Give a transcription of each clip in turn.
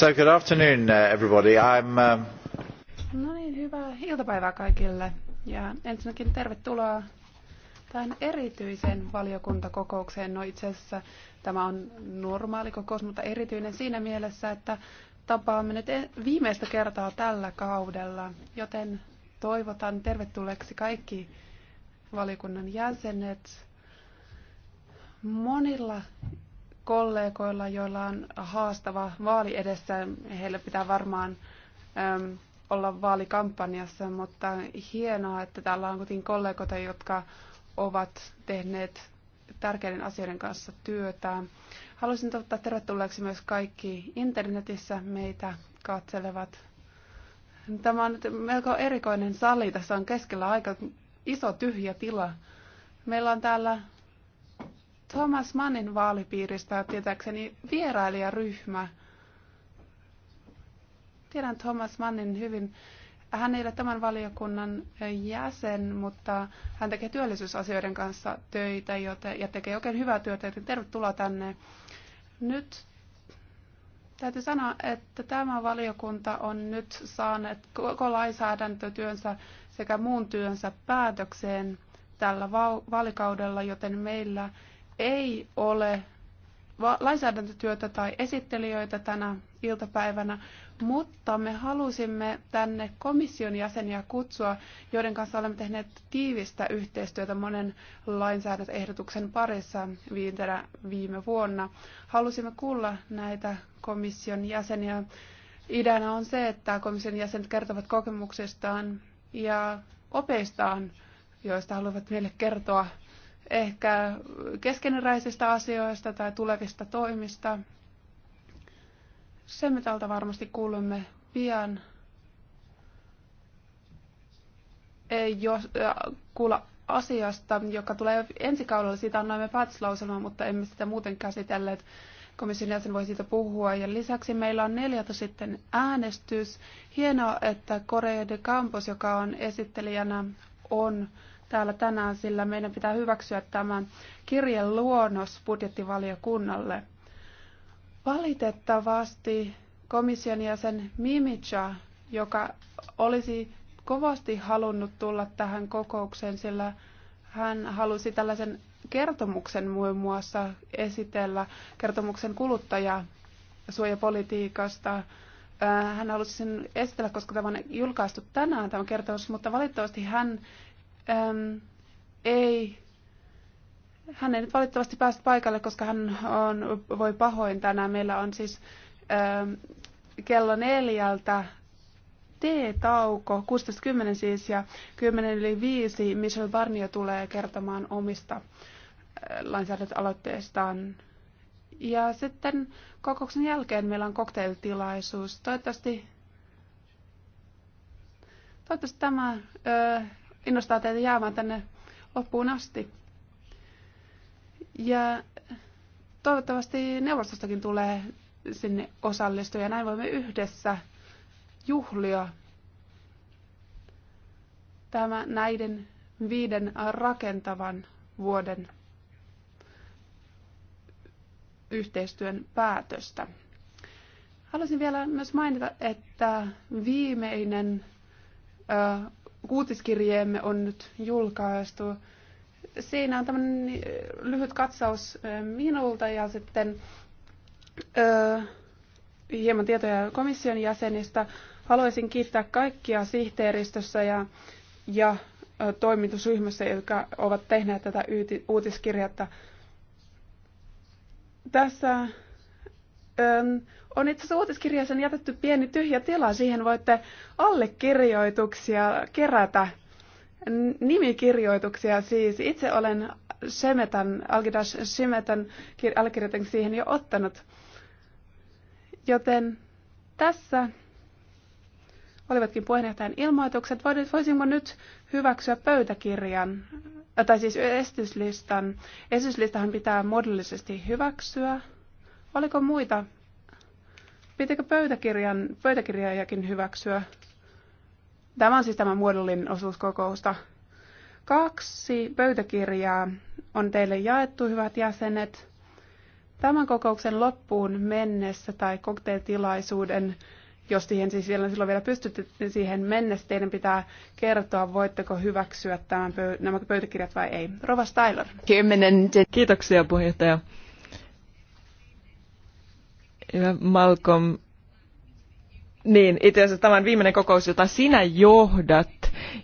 So good afternoon uh, everybody. I'm, um... No niin, hyvää iltapäivää kaikille. Ja ensinnäkin tervetuloa tähän erityisen valiokuntakokoukseen. No itse asiassa tämä on normaali kokous, mutta erityinen siinä mielessä, että tapaamme nyt e- viimeistä kertaa tällä kaudella, joten toivotan tervetulleeksi kaikki valiokunnan jäsenet. Monilla kollegoilla, joilla on haastava vaali edessä. Heillä pitää varmaan äm, olla vaalikampanjassa, mutta hienoa, että täällä on kuitenkin kollegoita, jotka ovat tehneet tärkeiden asioiden kanssa työtä. Haluaisin toivottaa tervetulleeksi myös kaikki internetissä meitä katselevat. Tämä on nyt melko erikoinen sali. Tässä on keskellä aika iso tyhjä tila. Meillä on täällä Thomas Mannin vaalipiiristä tietääkseni vierailijaryhmä. Tiedän Thomas Mannin hyvin. Hän ei ole tämän valiokunnan jäsen, mutta hän tekee työllisyysasioiden kanssa töitä joten, ja tekee oikein hyvää työtä, joten tervetuloa tänne. Nyt täytyy sanoa, että tämä valiokunta on nyt saanut koko lainsäädäntötyönsä sekä muun työnsä päätökseen tällä vaalikaudella, joten meillä ei ole lainsäädäntötyötä tai esittelijöitä tänä iltapäivänä, mutta me halusimme tänne komission jäseniä kutsua, joiden kanssa olemme tehneet tiivistä yhteistyötä monen lainsäädäntöehdotuksen parissa viitenä viime vuonna. Halusimme kuulla näitä komission jäseniä. Ideana on se, että komission jäsenet kertovat kokemuksistaan ja opeistaan, joista haluavat meille kertoa ehkä keskeneräisistä asioista tai tulevista toimista. Se me tältä varmasti kuulemme pian. Ei jos, äh, kuulla asiasta, joka tulee ensi kaudella. Siitä annoimme päätöslauselman, mutta emme sitä muuten käsitelleet. Komission jäsen voi siitä puhua. Ja lisäksi meillä on neljältä sitten äänestys. Hienoa, että Korea de Campos, joka on esittelijänä, on äh, täällä tänään, sillä meidän pitää hyväksyä tämän kirjan luonnos budjettivaliokunnalle. Valitettavasti komission jäsen Mimicha, joka olisi kovasti halunnut tulla tähän kokoukseen, sillä hän halusi tällaisen kertomuksen muun muassa esitellä, kertomuksen kuluttajasuojapolitiikasta. Hän halusi sen esitellä, koska tämä on julkaistu tänään tämä kertomus, mutta valitettavasti hän äm, ei, hän ei nyt valitettavasti päässyt paikalle, koska hän on, voi pahoin tänään. Meillä on siis äm, kello neljältä T-tauko, 16.10 siis ja 10 yli 5 Michel Barnier tulee kertomaan omista äh, lainsäädäntöaloitteestaan. Ja sitten kokouksen jälkeen meillä on kokteilitilaisuus. Toivottavasti, toivottavasti tämä ö, innostaa teitä jäämään tänne loppuun asti. Ja toivottavasti neuvostostakin tulee sinne osallistua ja näin voimme yhdessä juhlia tämä näiden viiden rakentavan vuoden yhteistyön päätöstä. Haluaisin vielä myös mainita, että viimeinen uutiskirjeemme on nyt julkaistu. Siinä on tämmöinen eh, lyhyt katsaus eh, minulta ja sitten ö, eh, hieman tietoja komission jäsenistä. Haluaisin kiittää kaikkia sihteeristössä ja, ja toimitusryhmässä, jotka ovat tehneet tätä uutiskirjatta. Tässä ö, on itse asiassa uutiskirjassa jätetty pieni tyhjä tila. Siihen voitte allekirjoituksia kerätä, nimikirjoituksia siis. Itse olen Semetan, Algidas Semetan allekirjoitan siihen jo ottanut. Joten tässä olivatkin puheenjohtajan ilmoitukset. Voisinko nyt hyväksyä pöytäkirjan, äh, tai siis esityslistan? Esityslistahan pitää muodollisesti hyväksyä. Oliko muita Pitääkö pöytäkirjan, pöytäkirjaajakin hyväksyä? Tämä on siis tämä muodollinen osuus kokousta. Kaksi pöytäkirjaa on teille jaettu, hyvät jäsenet. Tämän kokouksen loppuun mennessä tai kokteiltilaisuuden, jos siihen siis vielä silloin vielä pystytte niin siihen mennessä, teidän pitää kertoa, voitteko hyväksyä tämän pöy- nämä pöytäkirjat vai ei. Rova Styler. Kiitoksia puheenjohtaja. Hyvä Malcolm. Niin, itse asiassa tämä on viimeinen kokous, jota sinä johdat,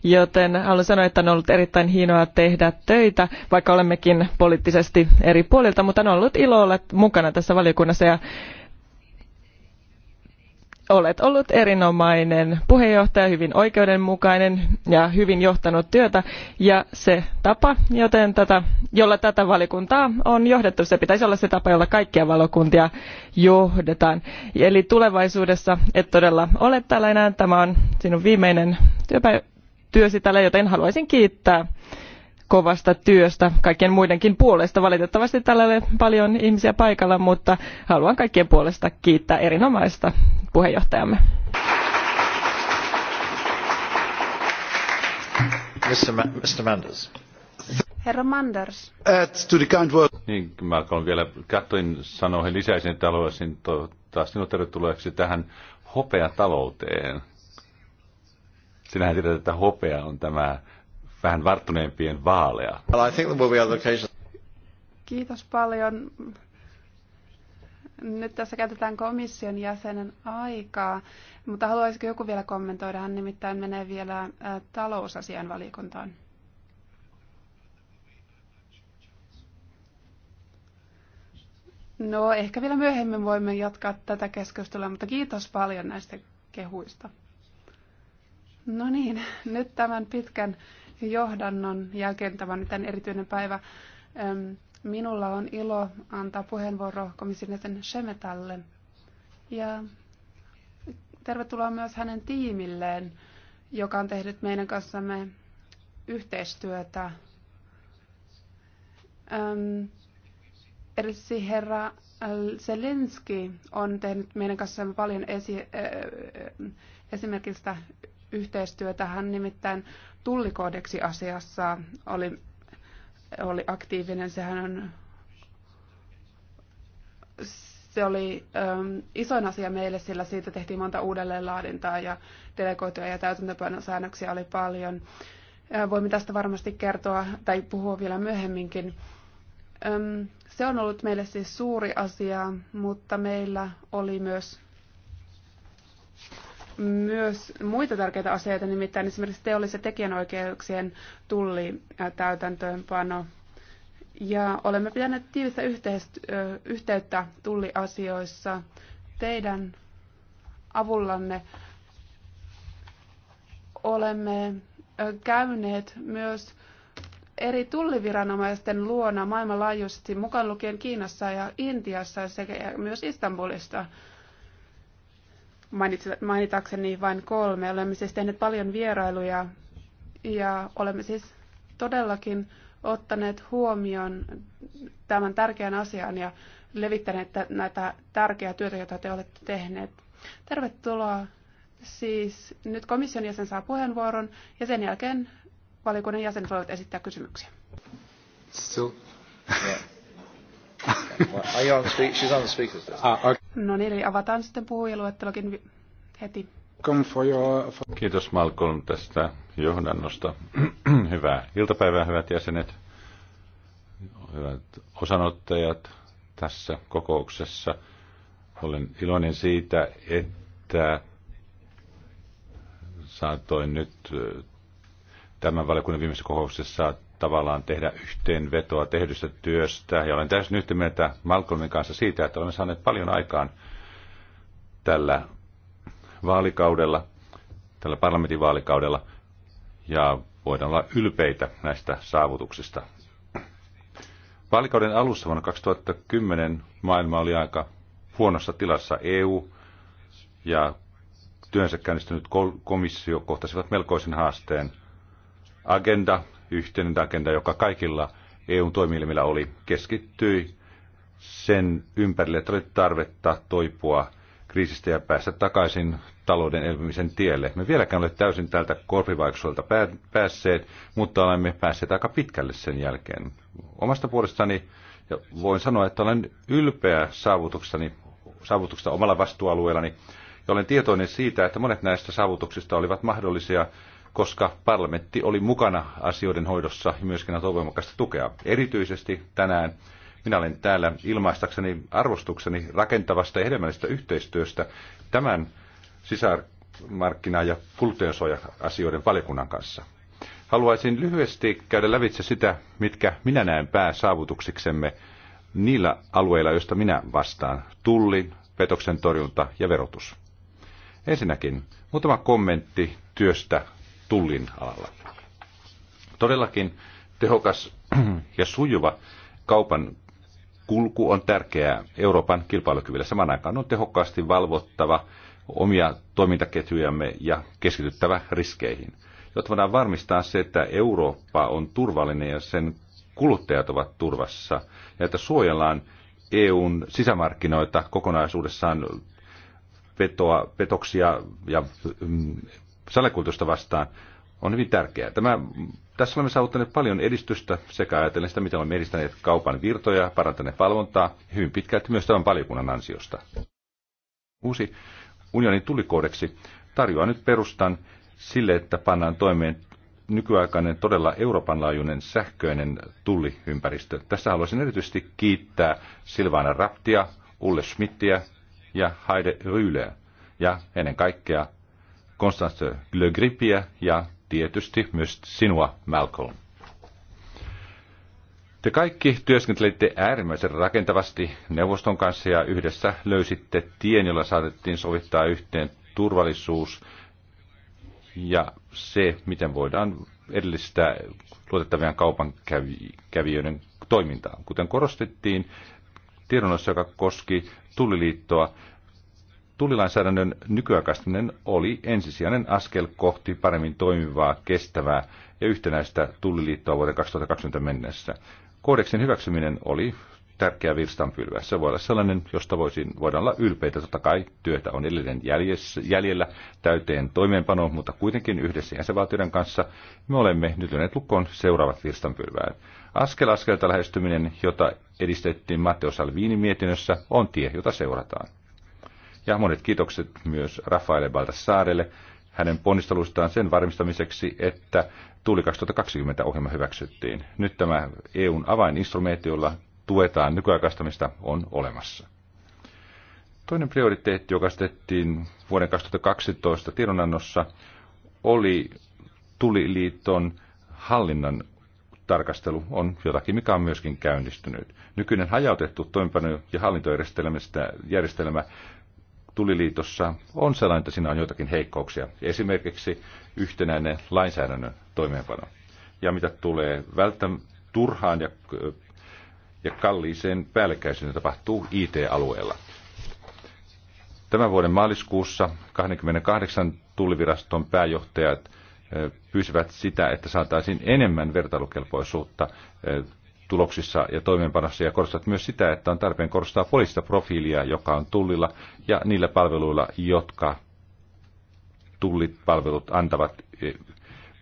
joten haluan sanoa, että on ollut erittäin hienoa tehdä töitä, vaikka olemmekin poliittisesti eri puolilta, mutta on ollut ilo olla mukana tässä valiokunnassa ja olet ollut erinomainen puheenjohtaja, hyvin oikeudenmukainen ja hyvin johtanut työtä ja se tapa, joten tätä, jolla tätä valikuntaa on johdettu, se pitäisi olla se tapa, jolla kaikkia valokuntia johdetaan. Eli tulevaisuudessa et todella ole täällä enää, tämä on sinun viimeinen työpä, työsi täällä, joten haluaisin kiittää kovasta työstä kaikkien muidenkin puolesta. Valitettavasti täällä ei ole paljon ihmisiä paikalla, mutta haluan kaikkien puolesta kiittää erinomaista puheenjohtajamme. Mr. Manders. Herra Manders. To the kind word. Niin, Malcolm vielä Katrin sanoihin lisäisin, että haluaisin toivottaa sinut tervetulleeksi tähän hopeatalouteen. Sinähän tiedät, että hopea on tämä vähän varttuneempien vaaleja. Kiitos paljon. Nyt tässä käytetään komission jäsenen aikaa, mutta haluaisiko joku vielä kommentoida? Hän nimittäin menee vielä äh, talousasian valiokuntaan. No, ehkä vielä myöhemmin voimme jatkaa tätä keskustelua, mutta kiitos paljon näistä kehuista. No niin, nyt tämän pitkän johdannon jälkeen. Tämä on erityinen päivä. Minulla on ilo antaa puheenvuoro komission jäsen Shemetalle. Ja tervetuloa myös hänen tiimilleen, joka on tehnyt meidän kanssamme yhteistyötä. Öm, herra Zelinski on tehnyt meidän kanssamme paljon esi- e- e- esimerkistä yhteistyötä. Hän nimittäin tullikoodeksi asiassa oli, oli aktiivinen. Sehän on, se oli äm, isoin asia meille, sillä siitä tehtiin monta uudelleenlaadintaa ja delegoituja ja täytäntöpanosäännöksiä oli paljon. Äh, voimme tästä varmasti kertoa tai puhua vielä myöhemminkin. Ähm, se on ollut meille siis suuri asia, mutta meillä oli myös myös muita tärkeitä asioita, nimittäin esimerkiksi teollisen tekijänoikeuksien tulli täytäntöönpano. Ja olemme pitäneet tiivistä yhteyttä tulliasioissa teidän avullanne. Olemme käyneet myös eri tulliviranomaisten luona maailmanlaajuisesti, mukaan lukien Kiinassa ja Intiassa sekä myös Istanbulista mainitakseni vain kolme. Olemme siis tehneet paljon vierailuja ja olemme siis todellakin ottaneet huomioon tämän tärkeän asian ja levittäneet näitä tärkeää työtä, jota te olette tehneet. Tervetuloa siis nyt komission jäsen saa puheenvuoron ja sen jälkeen valiokunnan jäsen voivat esittää kysymyksiä. So. Yeah. you on speak, she's on the speakers Ah, okay. No niin, eli avataan sitten puhujaluettelokin heti. Kiitos Malkon tästä johdannosta. Hyvää iltapäivää, hyvät jäsenet, hyvät osanottajat tässä kokouksessa. Olen iloinen siitä, että saatoin nyt eh, tämän valiokunnan viimeisessä kokouksessa tavallaan tehdä yhteenvetoa tehdystä työstä. Ja olen täysin yhtä mieltä Malcolmin kanssa siitä, että olemme saaneet paljon aikaan tällä vaalikaudella, tällä parlamentin vaalikaudella, ja voidaan olla ylpeitä näistä saavutuksista. Vaalikauden alussa vuonna 2010 maailma oli aika huonossa tilassa. EU ja työnsä käynnistynyt komissio kohtasivat melkoisen haasteen. Agenda yhteinen agenda, joka kaikilla EUn toimielimillä oli, keskittyi sen ympärille, että oli tarvetta toipua kriisistä ja päästä takaisin talouden elpymisen tielle. Me vieläkään ole täysin tältä korpivaiksuolta päässeet, mutta olemme päässeet aika pitkälle sen jälkeen. Omasta puolestani ja voin sanoa, että olen ylpeä saavutuksestani, saavutuksesta omalla vastuualueellani ja olen tietoinen siitä, että monet näistä saavutuksista olivat mahdollisia koska parlamentti oli mukana asioiden hoidossa ja myöskin antoi voimakasta tukea. Erityisesti tänään minä olen täällä ilmaistakseni arvostukseni rakentavasta ja hedelmällisestä yhteistyöstä tämän sisämarkkina- ja kuluttajansuoja-asioiden valiokunnan kanssa. Haluaisin lyhyesti käydä lävitse sitä, mitkä minä näen pääsaavutuksiksemme niillä alueilla, joista minä vastaan. Tulli, petoksen torjunta ja verotus. Ensinnäkin muutama kommentti työstä tullin alalla. Todellakin tehokas ja sujuva kaupan kulku on tärkeää Euroopan kilpailukyvylle. Saman aikaan on tehokkaasti valvottava omia toimintaketjujamme ja keskityttävä riskeihin, jotta voidaan varmistaa se, että Eurooppa on turvallinen ja sen kuluttajat ovat turvassa ja että suojellaan EUn sisämarkkinoita kokonaisuudessaan vetoa, petoksia ja mm, salakultusta vastaan on hyvin tärkeää. Tämä, tässä olemme saavuttaneet paljon edistystä sekä ajatellen sitä, miten olemme edistäneet kaupan virtoja, parantaneet valvontaa, hyvin pitkälti myös tämän paljokunnan ansiosta. Uusi unionin tulikoodeksi tarjoaa nyt perustan sille, että pannaan toimeen nykyaikainen todella Euroopan laajuinen sähköinen tulliympäristö. Tässä haluaisin erityisesti kiittää Silvana Raptia, Ulle Schmittiä ja Heide Ryyleä ja ennen kaikkea Constance Le Grippiä ja tietysti myös sinua, Malcolm. Te kaikki työskentelitte äärimmäisen rakentavasti neuvoston kanssa ja yhdessä löysitte tien, jolla saatettiin sovittaa yhteen turvallisuus ja se, miten voidaan edellistää luotettavien kaupankävijöiden toimintaa. Kuten korostettiin tiedonnoissa, joka koski tulliliittoa, tulilainsäädännön nykyaikaistaminen oli ensisijainen askel kohti paremmin toimivaa, kestävää ja yhtenäistä tulliliittoa vuoden 2020 mennessä. Koodeksin hyväksyminen oli tärkeä virstanpylvä. Se voi olla sellainen, josta voisin, voidaan olla ylpeitä. Totta kai työtä on edelleen jäljessä, jäljellä täyteen toimeenpanoon, mutta kuitenkin yhdessä jäsenvaltioiden kanssa me olemme nyt lyöneet lukkoon seuraavat virstanpylvää. Askel askelta lähestyminen, jota edistettiin Matteo Salvini mietinnössä, on tie, jota seurataan. Ja monet kiitokset myös Rafaele Baltasaarelle hänen ponnistelustaan sen varmistamiseksi, että Tuuli 2020 ohjelma hyväksyttiin. Nyt tämä EUn avaininstrumentti, jolla tuetaan nykyaikaistamista, on olemassa. Toinen prioriteetti, joka asetettiin vuoden 2012 tiedonannossa, oli Tuliliiton hallinnan tarkastelu on jotakin, mikä on myöskin käynnistynyt. Nykyinen hajautettu toimipano- ja hallintojärjestelmä tuliliitossa on sellainen, että siinä on joitakin heikkouksia. Esimerkiksi yhtenäinen lainsäädännön toimeenpano. Ja mitä tulee välttäm turhaan ja, ja kalliiseen päällekkäisyyteen tapahtuu IT-alueella. Tämän vuoden maaliskuussa 28 tulliviraston pääjohtajat pyysivät sitä, että saataisiin enemmän vertailukelpoisuutta tuloksissa ja toimeenpanossa ja korostat myös sitä, että on tarpeen korostaa poliista profiilia, joka on tullilla ja niillä palveluilla, jotka tullit palvelut antavat eh,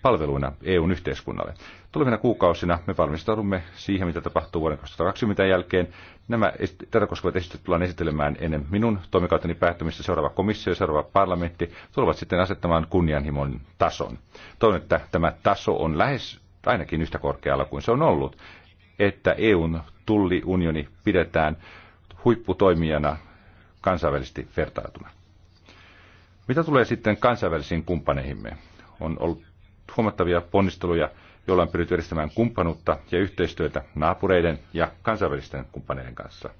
palveluina EUn yhteiskunnalle. Tulevina kuukausina me valmistaudumme siihen, mitä tapahtuu vuoden 2020 jälkeen. Nämä tätä koskevat esitykset tullaan esittelemään ennen minun toimikauteni päättymistä. Seuraava komissio ja seuraava parlamentti tulevat sitten asettamaan kunnianhimon tason. Toivon, että tämä taso on lähes ainakin yhtä korkealla kuin se on ollut että EUn tulliunioni pidetään huipputoimijana kansainvälisesti vertailtuna. Mitä tulee sitten kansainvälisiin kumppaneihimme? On ollut huomattavia ponnisteluja, joilla on pyritty edistämään kumppanuutta ja yhteistyötä naapureiden ja kansainvälisten kumppaneiden kanssa.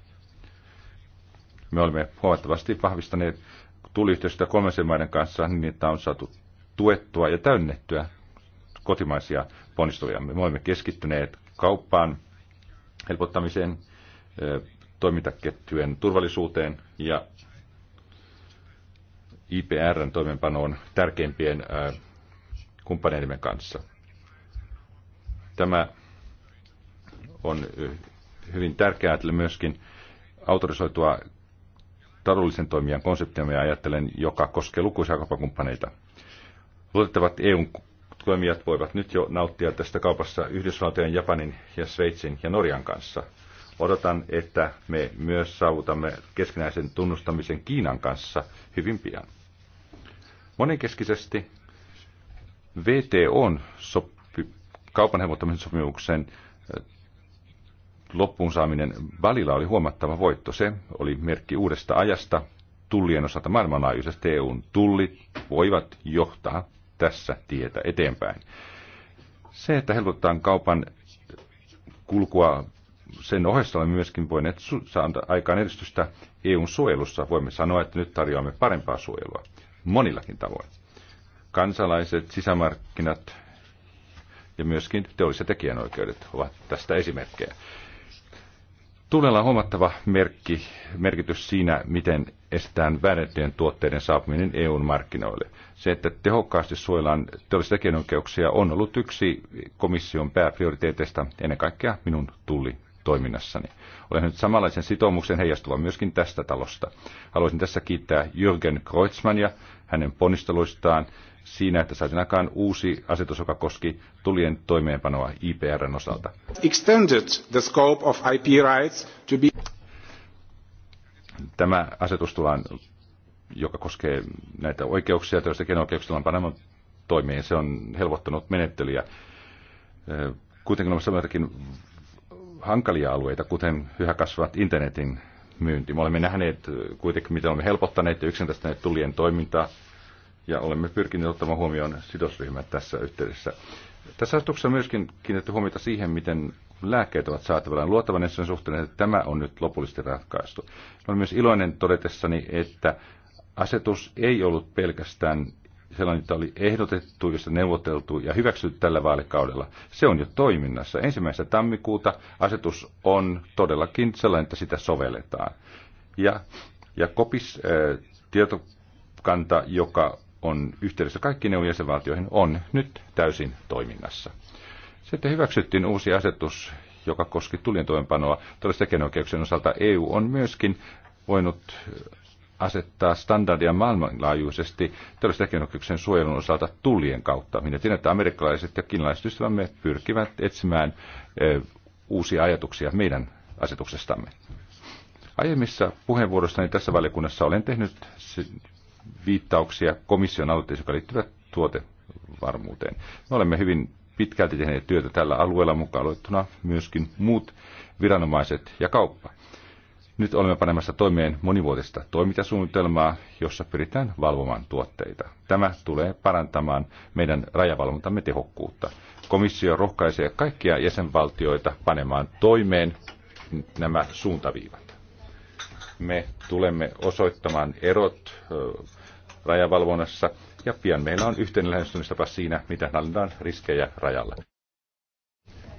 Me olemme huomattavasti vahvistaneet tuliyhteistyötä kolmansien maiden kanssa niin, että on saatu tuettua ja täynnettyä kotimaisia ponnisteluja. Me olemme keskittyneet kauppaan, helpottamiseen, toimintaketjujen turvallisuuteen ja IPRn toimenpanoon tärkeimpien kumppaneidemme kanssa. Tämä on hyvin tärkeää että myöskin autorisoitua taloudellisen toimijan konseptia, ja ajattelen, joka koskee lukuisia kauppakumppaneita. Luotettavat EUn toimijat voivat nyt jo nauttia tästä kaupassa Yhdysvaltojen, Japanin ja Sveitsin ja Norjan kanssa. Odotan, että me myös saavutamme keskinäisen tunnustamisen Kiinan kanssa hyvin pian. Monenkeskisesti VTOn sopi, kaupan helpottamisen sopimuksen loppuun saaminen välillä oli huomattava voitto. Se oli merkki uudesta ajasta. Tullien osalta maailmanlaajuisesti EUn tullit voivat johtaa tässä tietä eteenpäin. Se, että helpotetaan kaupan kulkua sen ohessa olemme myöskin voineet saada aikaan edistystä EUn suojelussa. Voimme sanoa, että nyt tarjoamme parempaa suojelua monillakin tavoin. Kansalaiset, sisämarkkinat ja myöskin teolliset tekijänoikeudet ovat tästä esimerkkejä. Tulella on huomattava merkki, merkitys siinä, miten estetään väärennettyjen tuotteiden saapuminen EUn markkinoille. Se, että tehokkaasti suojellaan teollisia tekijänoikeuksia, on ollut yksi komission pääprioriteeteista ennen kaikkea minun tulli toiminnassani. Olen nyt samanlaisen sitoumuksen heijastuva myöskin tästä talosta. Haluaisin tässä kiittää Jürgen Kreutzmannia hänen ponnisteluistaan siinä, että saisin aikaan uusi asetus, joka koski tulien toimeenpanoa IPRn osalta. Extended the scope of IP rights to be... Tämä asetus tullaan, joka koskee näitä oikeuksia, joista kielenoikeuksia tullaan panemaan toimiin, se on helpottanut menettelyjä. Kuitenkin on jotakin hankalia alueita, kuten yhä kasvavat internetin myynti. Me olemme nähneet kuitenkin, miten olemme helpottaneet ja yksinkertaistaneet tulien toimintaa, ja olemme pyrkineet ottamaan huomioon sidosryhmät tässä yhteydessä. Tässä asetuksessa myöskin kiinnitetty huomiota siihen, miten lääkkeet ovat saatavilla. luottavan sen suhteen, että tämä on nyt lopullisesti ratkaistu. Olen myös iloinen todetessani, että asetus ei ollut pelkästään sellainen, että oli ehdotettu, josta neuvoteltu ja hyväksytty tällä vaalikaudella. Se on jo toiminnassa. Ensimmäistä tammikuuta asetus on todellakin sellainen, että sitä sovelletaan. Ja, ja kopis äh, tietokanta, joka on yhteydessä kaikkiin eu jäsenvaltioihin, on nyt täysin toiminnassa. Sitten hyväksyttiin uusi asetus, joka koski tulientoimenpanoa tällaisten tekijänoikeuksien osalta. EU on myöskin voinut asettaa standardia maailmanlaajuisesti tällaisten tekijänoikeuksien suojelun osalta tulien kautta. Minä tiedän, että amerikkalaiset ja kiinalaiset ystävämme pyrkivät etsimään e, uusia ajatuksia meidän asetuksestamme. Aiemmissa puheenvuorossani tässä valiokunnassa olen tehnyt viittauksia komission aloitteisiin, jotka liittyvät tuotevarmuuteen. Me olemme hyvin pitkälti tehneet työtä tällä alueella mukaan luettuna myöskin muut viranomaiset ja kauppa. Nyt olemme panemassa toimeen monivuotista toimintasuunnitelmaa, jossa pyritään valvomaan tuotteita. Tämä tulee parantamaan meidän rajavalvontamme tehokkuutta. Komissio rohkaisee kaikkia jäsenvaltioita panemaan toimeen nämä suuntaviivat. Me tulemme osoittamaan erot rajavalvonnassa ja pian meillä on yhteinen lähestymistapa siinä, mitä hallitaan riskejä rajalla.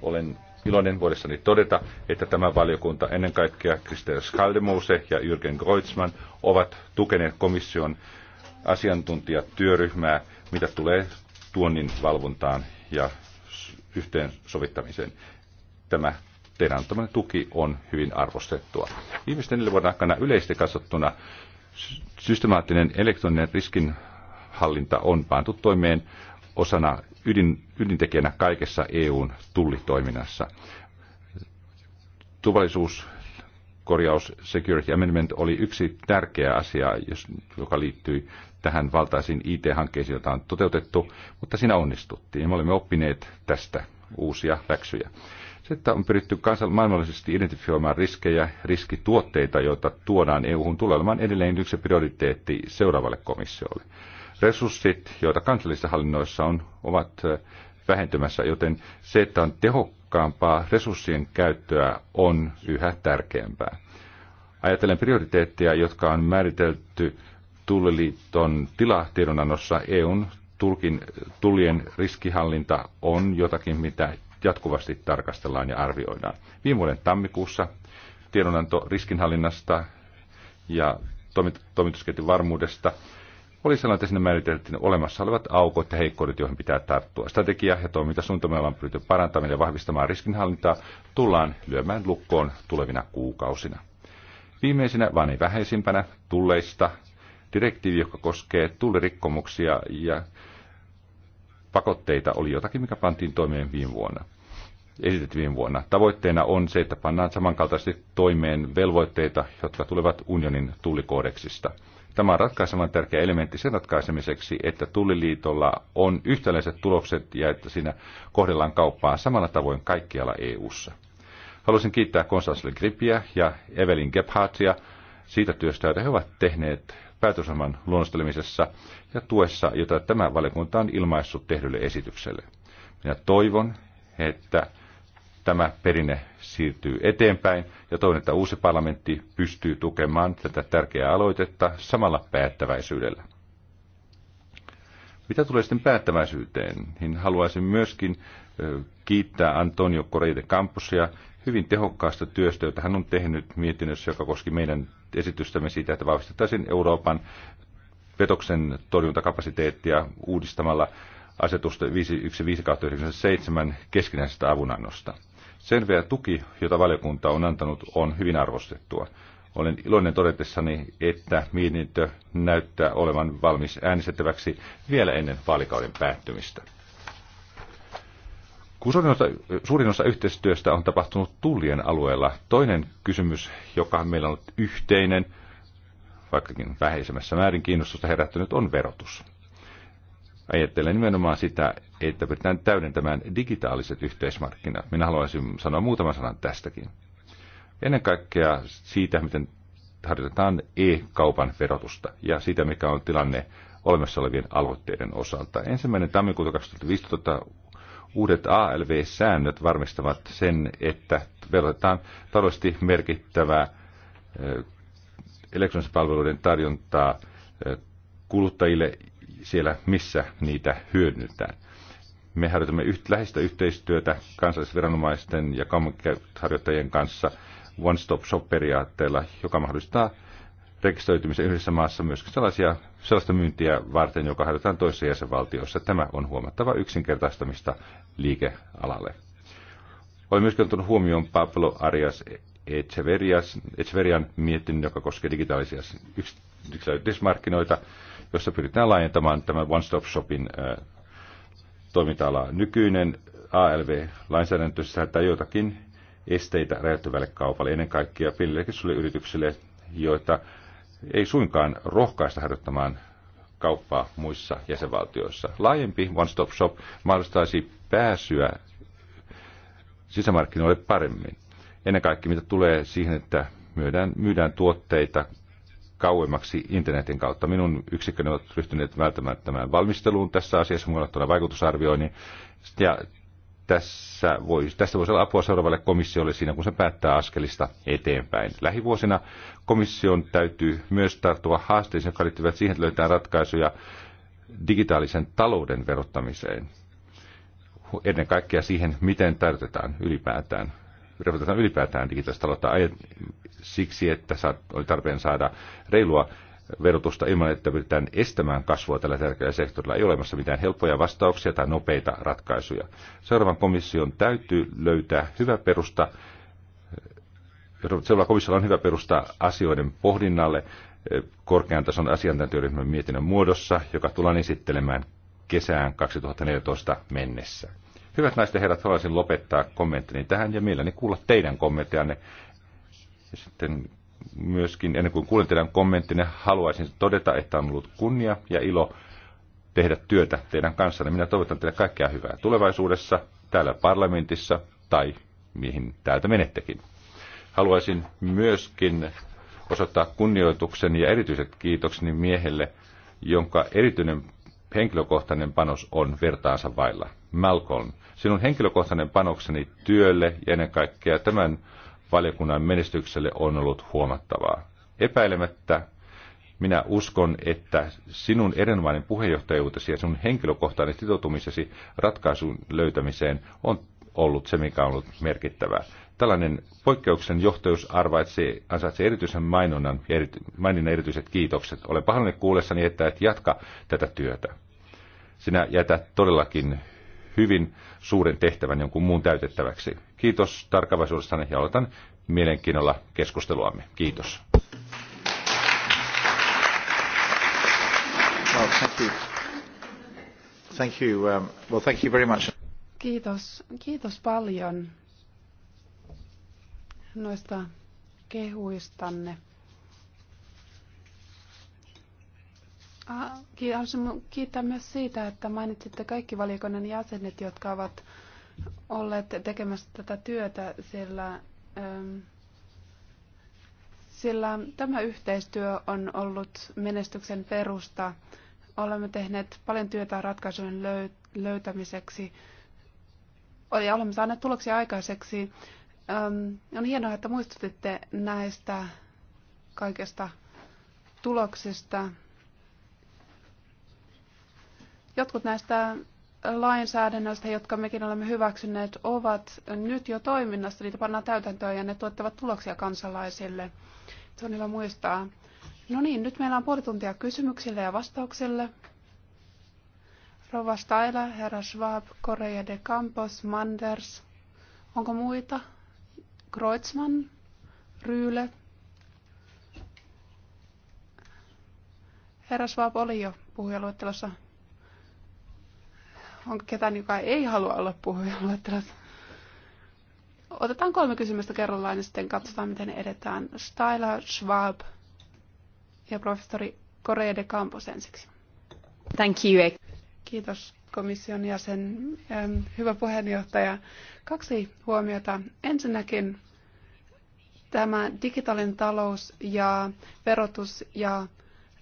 Olen iloinen vuodessani todeta, että tämä valiokunta, ennen kaikkea Krister Schaldemuse ja Jürgen Kreutzmann, ovat tukeneet komission asiantuntijatyöryhmää, mitä tulee tuonnin valvontaan ja yhteensovittamiseen. Tämä teidän antamanne tuki on hyvin arvostettua. Viimeisten neljän vuoden aikana yleisesti katsottuna systemaattinen elektroninen riskinhallinta on pantu toimeen osana ydin, ydintekijänä kaikessa EUn tullitoiminnassa. Turvallisuus korjaus Security Amendment oli yksi tärkeä asia, joka liittyy tähän valtaisiin IT-hankkeisiin, joita on toteutettu, mutta siinä onnistuttiin. Me olemme oppineet tästä uusia läksyjä. Sitten on pyritty maailmallisesti identifioimaan riskejä, riskituotteita, joita tuodaan EU-hun tulemaan edelleen yksi prioriteetti seuraavalle komissiolle. Resurssit, joita kansallisissa hallinnoissa on, ovat vähentymässä, joten se, että on tehokkaampaa resurssien käyttöä, on yhä tärkeämpää. Ajatellen prioriteetteja, jotka on määritelty Tulliliiton tilatiedonannossa EUn tulkin, tullien riskihallinta on jotakin, mitä jatkuvasti tarkastellaan ja arvioidaan. Viime vuoden tammikuussa tiedonanto riskinhallinnasta ja toimitusketjun varmuudesta oli sellainen, että sinne määriteltiin olemassa olevat aukot ja heikkoudet, joihin pitää tarttua. Strategia ja toimintasuunnitelmalla on pyritty parantamaan ja vahvistamaan riskinhallintaa, tullaan lyömään lukkoon tulevina kuukausina. Viimeisenä, vaan ei vähäisimpänä, tulleista direktiivi, joka koskee tullirikkomuksia ja pakotteita oli jotakin, mikä pantiin toimeen viime vuonna. Esitettiin vuonna. Tavoitteena on se, että pannaan samankaltaisesti toimeen velvoitteita, jotka tulevat unionin tullikoodeksista. Tämä on ratkaisevan tärkeä elementti sen ratkaisemiseksi, että tulliliitolla on yhtäläiset tulokset ja että siinä kohdellaan kauppaa samalla tavoin kaikkialla EU:ssa. Haluaisin kiittää Konstantin Grippiä ja Evelin Gebhardtia siitä työstä, jota he ovat tehneet päätösohjelman luonnostelemisessa ja tuessa, jota tämä valiokunta on ilmaissut tehdylle esitykselle. Minä toivon, että tämä perinne siirtyy eteenpäin ja toivon, että uusi parlamentti pystyy tukemaan tätä tärkeää aloitetta samalla päättäväisyydellä. Mitä tulee sitten päättäväisyyteen, niin haluaisin myöskin kiittää Antonio Correide Campusia, hyvin tehokkaasta työstä, jota hän on tehnyt mietinnössä, joka koski meidän esitystämme siitä, että vahvistettaisiin Euroopan petoksen torjuntakapasiteettia uudistamalla asetusta 515-97 keskinäisestä avunannosta. Sen vielä tuki, jota valiokunta on antanut, on hyvin arvostettua. Olen iloinen todetessani, että mietintö näyttää olevan valmis äänestettäväksi vielä ennen vaalikauden päättymistä. Kun suurin osa, suurin osa yhteistyöstä on tapahtunut tullien alueella, toinen kysymys, joka meillä on ollut yhteinen, vaikkakin vähäisemmässä määrin kiinnostusta herättänyt, on verotus. Ajattelen nimenomaan sitä, että pyritään täydentämään digitaaliset yhteismarkkinat. Minä haluaisin sanoa muutaman sanan tästäkin. Ennen kaikkea siitä, miten harjoitetaan e-kaupan verotusta ja siitä, mikä on tilanne olemassa olevien aloitteiden osalta. Ensimmäinen tammikuuta 2015 Uudet ALV-säännöt varmistavat sen, että verotetaan taloudellisesti merkittävää elektronisen palveluiden tarjontaa kuluttajille siellä, missä niitä hyödynnetään. Me harjoitamme yht, läheistä yhteistyötä kansallisviranomaisten ja kaupunkiharjoittajien kanssa one-stop-shop-periaatteella, joka mahdollistaa rekisteröitymisen yhdessä maassa myöskin sellaisia sellaista myyntiä varten, joka harjoitetaan toisessa jäsenvaltioissa. Tämä on huomattava yksinkertaistamista liikealalle. Olen myöskin ottanut huomioon Pablo Arias Echeverias, Echeverian mietinnön, joka koskee digitaalisia yksityismarkkinoita, jossa pyritään laajentamaan tämän One Stop Shopin toiminta-alaa. Nykyinen ALV-lainsäädäntö sisältää joitakin esteitä räjäyttävälle kaupalle, ennen kaikkea pienille yrityksille, joita ei suinkaan rohkaista harjoittamaan kauppaa muissa jäsenvaltioissa. Laajempi One Stop Shop mahdollistaisi pääsyä sisämarkkinoille paremmin. Ennen kaikkea mitä tulee siihen, että myydään, myydään tuotteita kauemmaksi internetin kautta. Minun yksikköni ovat ryhtyneet välttämättömään valmisteluun tässä asiassa, mulla on vaikutusarvioinnin. Ja tässä voisi, tästä voisi olla apua seuraavalle komissiolle siinä, kun se päättää askelista eteenpäin. Lähivuosina komission täytyy myös tarttua haasteisiin, jotka liittyvät siihen, että löytää ratkaisuja digitaalisen talouden verottamiseen. Ennen kaikkea siihen, miten täytetään ylipäätään verotetaan ylipäätään digitaalista taloutta siksi, että oli tarpeen saada reilua verotusta ilman, että pyritään estämään kasvua tällä tärkeällä sektorilla. Ei ole olemassa mitään helppoja vastauksia tai nopeita ratkaisuja. Seuraavan komission täytyy löytää hyvä perusta, Seuraavan komissiolla on hyvä perusta asioiden pohdinnalle eh, korkean tason asiantuntijaryhmän mietinnön muodossa, joka tullaan esittelemään kesään 2014 mennessä. Hyvät naiset ja herrat, haluaisin lopettaa kommenttini tähän ja mielelläni kuulla teidän kommenttianne. Ja sitten myöskin, ennen kuin kuulen teidän kommenttinne, haluaisin todeta, että on ollut kunnia ja ilo tehdä työtä teidän kanssanne. Minä toivotan teille kaikkea hyvää tulevaisuudessa täällä parlamentissa tai mihin täältä menettekin. Haluaisin myöskin osoittaa kunnioituksen ja erityiset kiitokseni miehelle, jonka erityinen henkilökohtainen panos on vertaansa vailla. Malcolm, sinun henkilökohtainen panokseni työlle ja ennen kaikkea tämän valiokunnan menestykselle on ollut huomattavaa. Epäilemättä minä uskon, että sinun erinomainen puheenjohtajuutesi ja sinun henkilökohtainen sitoutumisesi ratkaisun löytämiseen on ollut se, mikä on ollut merkittävää. Tällainen poikkeuksen johtajuus arvaitsee, ansaitsee erityisen mainonnan ja erity, maininnan erityiset kiitokset. Olen pahoillani kuullessani, että et jatka tätä työtä. Sinä jätät todellakin hyvin suuren tehtävän jonkun muun täytettäväksi. Kiitos tarkkaavaisuudestanne ja aloitan mielenkiinnolla keskusteluamme. Kiitos. Well, thank you. Thank you. Um, well, thank you very much. Kiitos, kiitos paljon noista kehuistanne. Haluaisin kiittää myös siitä, että mainitsitte kaikki valiokunnan jäsenet, jotka ovat olleet tekemässä tätä työtä, sillä, ähm, sillä tämä yhteistyö on ollut menestyksen perusta. Olemme tehneet paljon työtä ratkaisujen löytämiseksi ja olemme saaneet tuloksia aikaiseksi. Ähm, on hienoa, että muistutitte näistä kaikesta tuloksista. Jotkut näistä lainsäädännöistä, jotka mekin olemme hyväksyneet, ovat nyt jo toiminnassa. Niitä pannaan täytäntöön ja ne tuottavat tuloksia kansalaisille. Se on hyvä muistaa. No niin, nyt meillä on puoli tuntia kysymyksille ja vastauksille. Rova Staila, herra Schwab, Korea de Campos, Manders. Onko muita? Kreutzmann, Ryyle. Herra Schwab oli jo puhujaluettelossa Onko ketään, joka ei halua olla puhujaluettelossa? Otetaan kolme kysymystä kerrallaan ja sitten katsotaan, miten edetään. Steiler, Schwab ja professori Korea de Campos ensiksi. Thank you. Kiitos komission jäsen. Ähm, hyvä puheenjohtaja. Kaksi huomiota. Ensinnäkin tämä digitaalinen talous ja verotus ja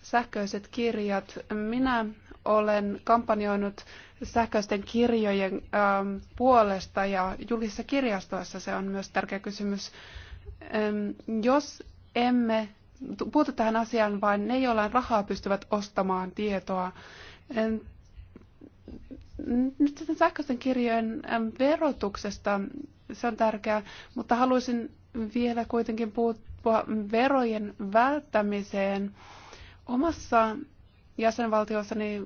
sähköiset kirjat. Minä olen kampanjoinut sähköisten kirjojen ähm, puolesta ja julkisissa kirjastoissa se on myös tärkeä kysymys. Ähm, jos emme puutu tähän asiaan, vain ne, joilla on rahaa, pystyvät ostamaan tietoa. Ähm, nyt sitten sähköisten kirjojen verotuksesta, se on tärkeää, mutta haluaisin vielä kuitenkin puhua verojen välttämiseen. Omassa jäsenvaltiossani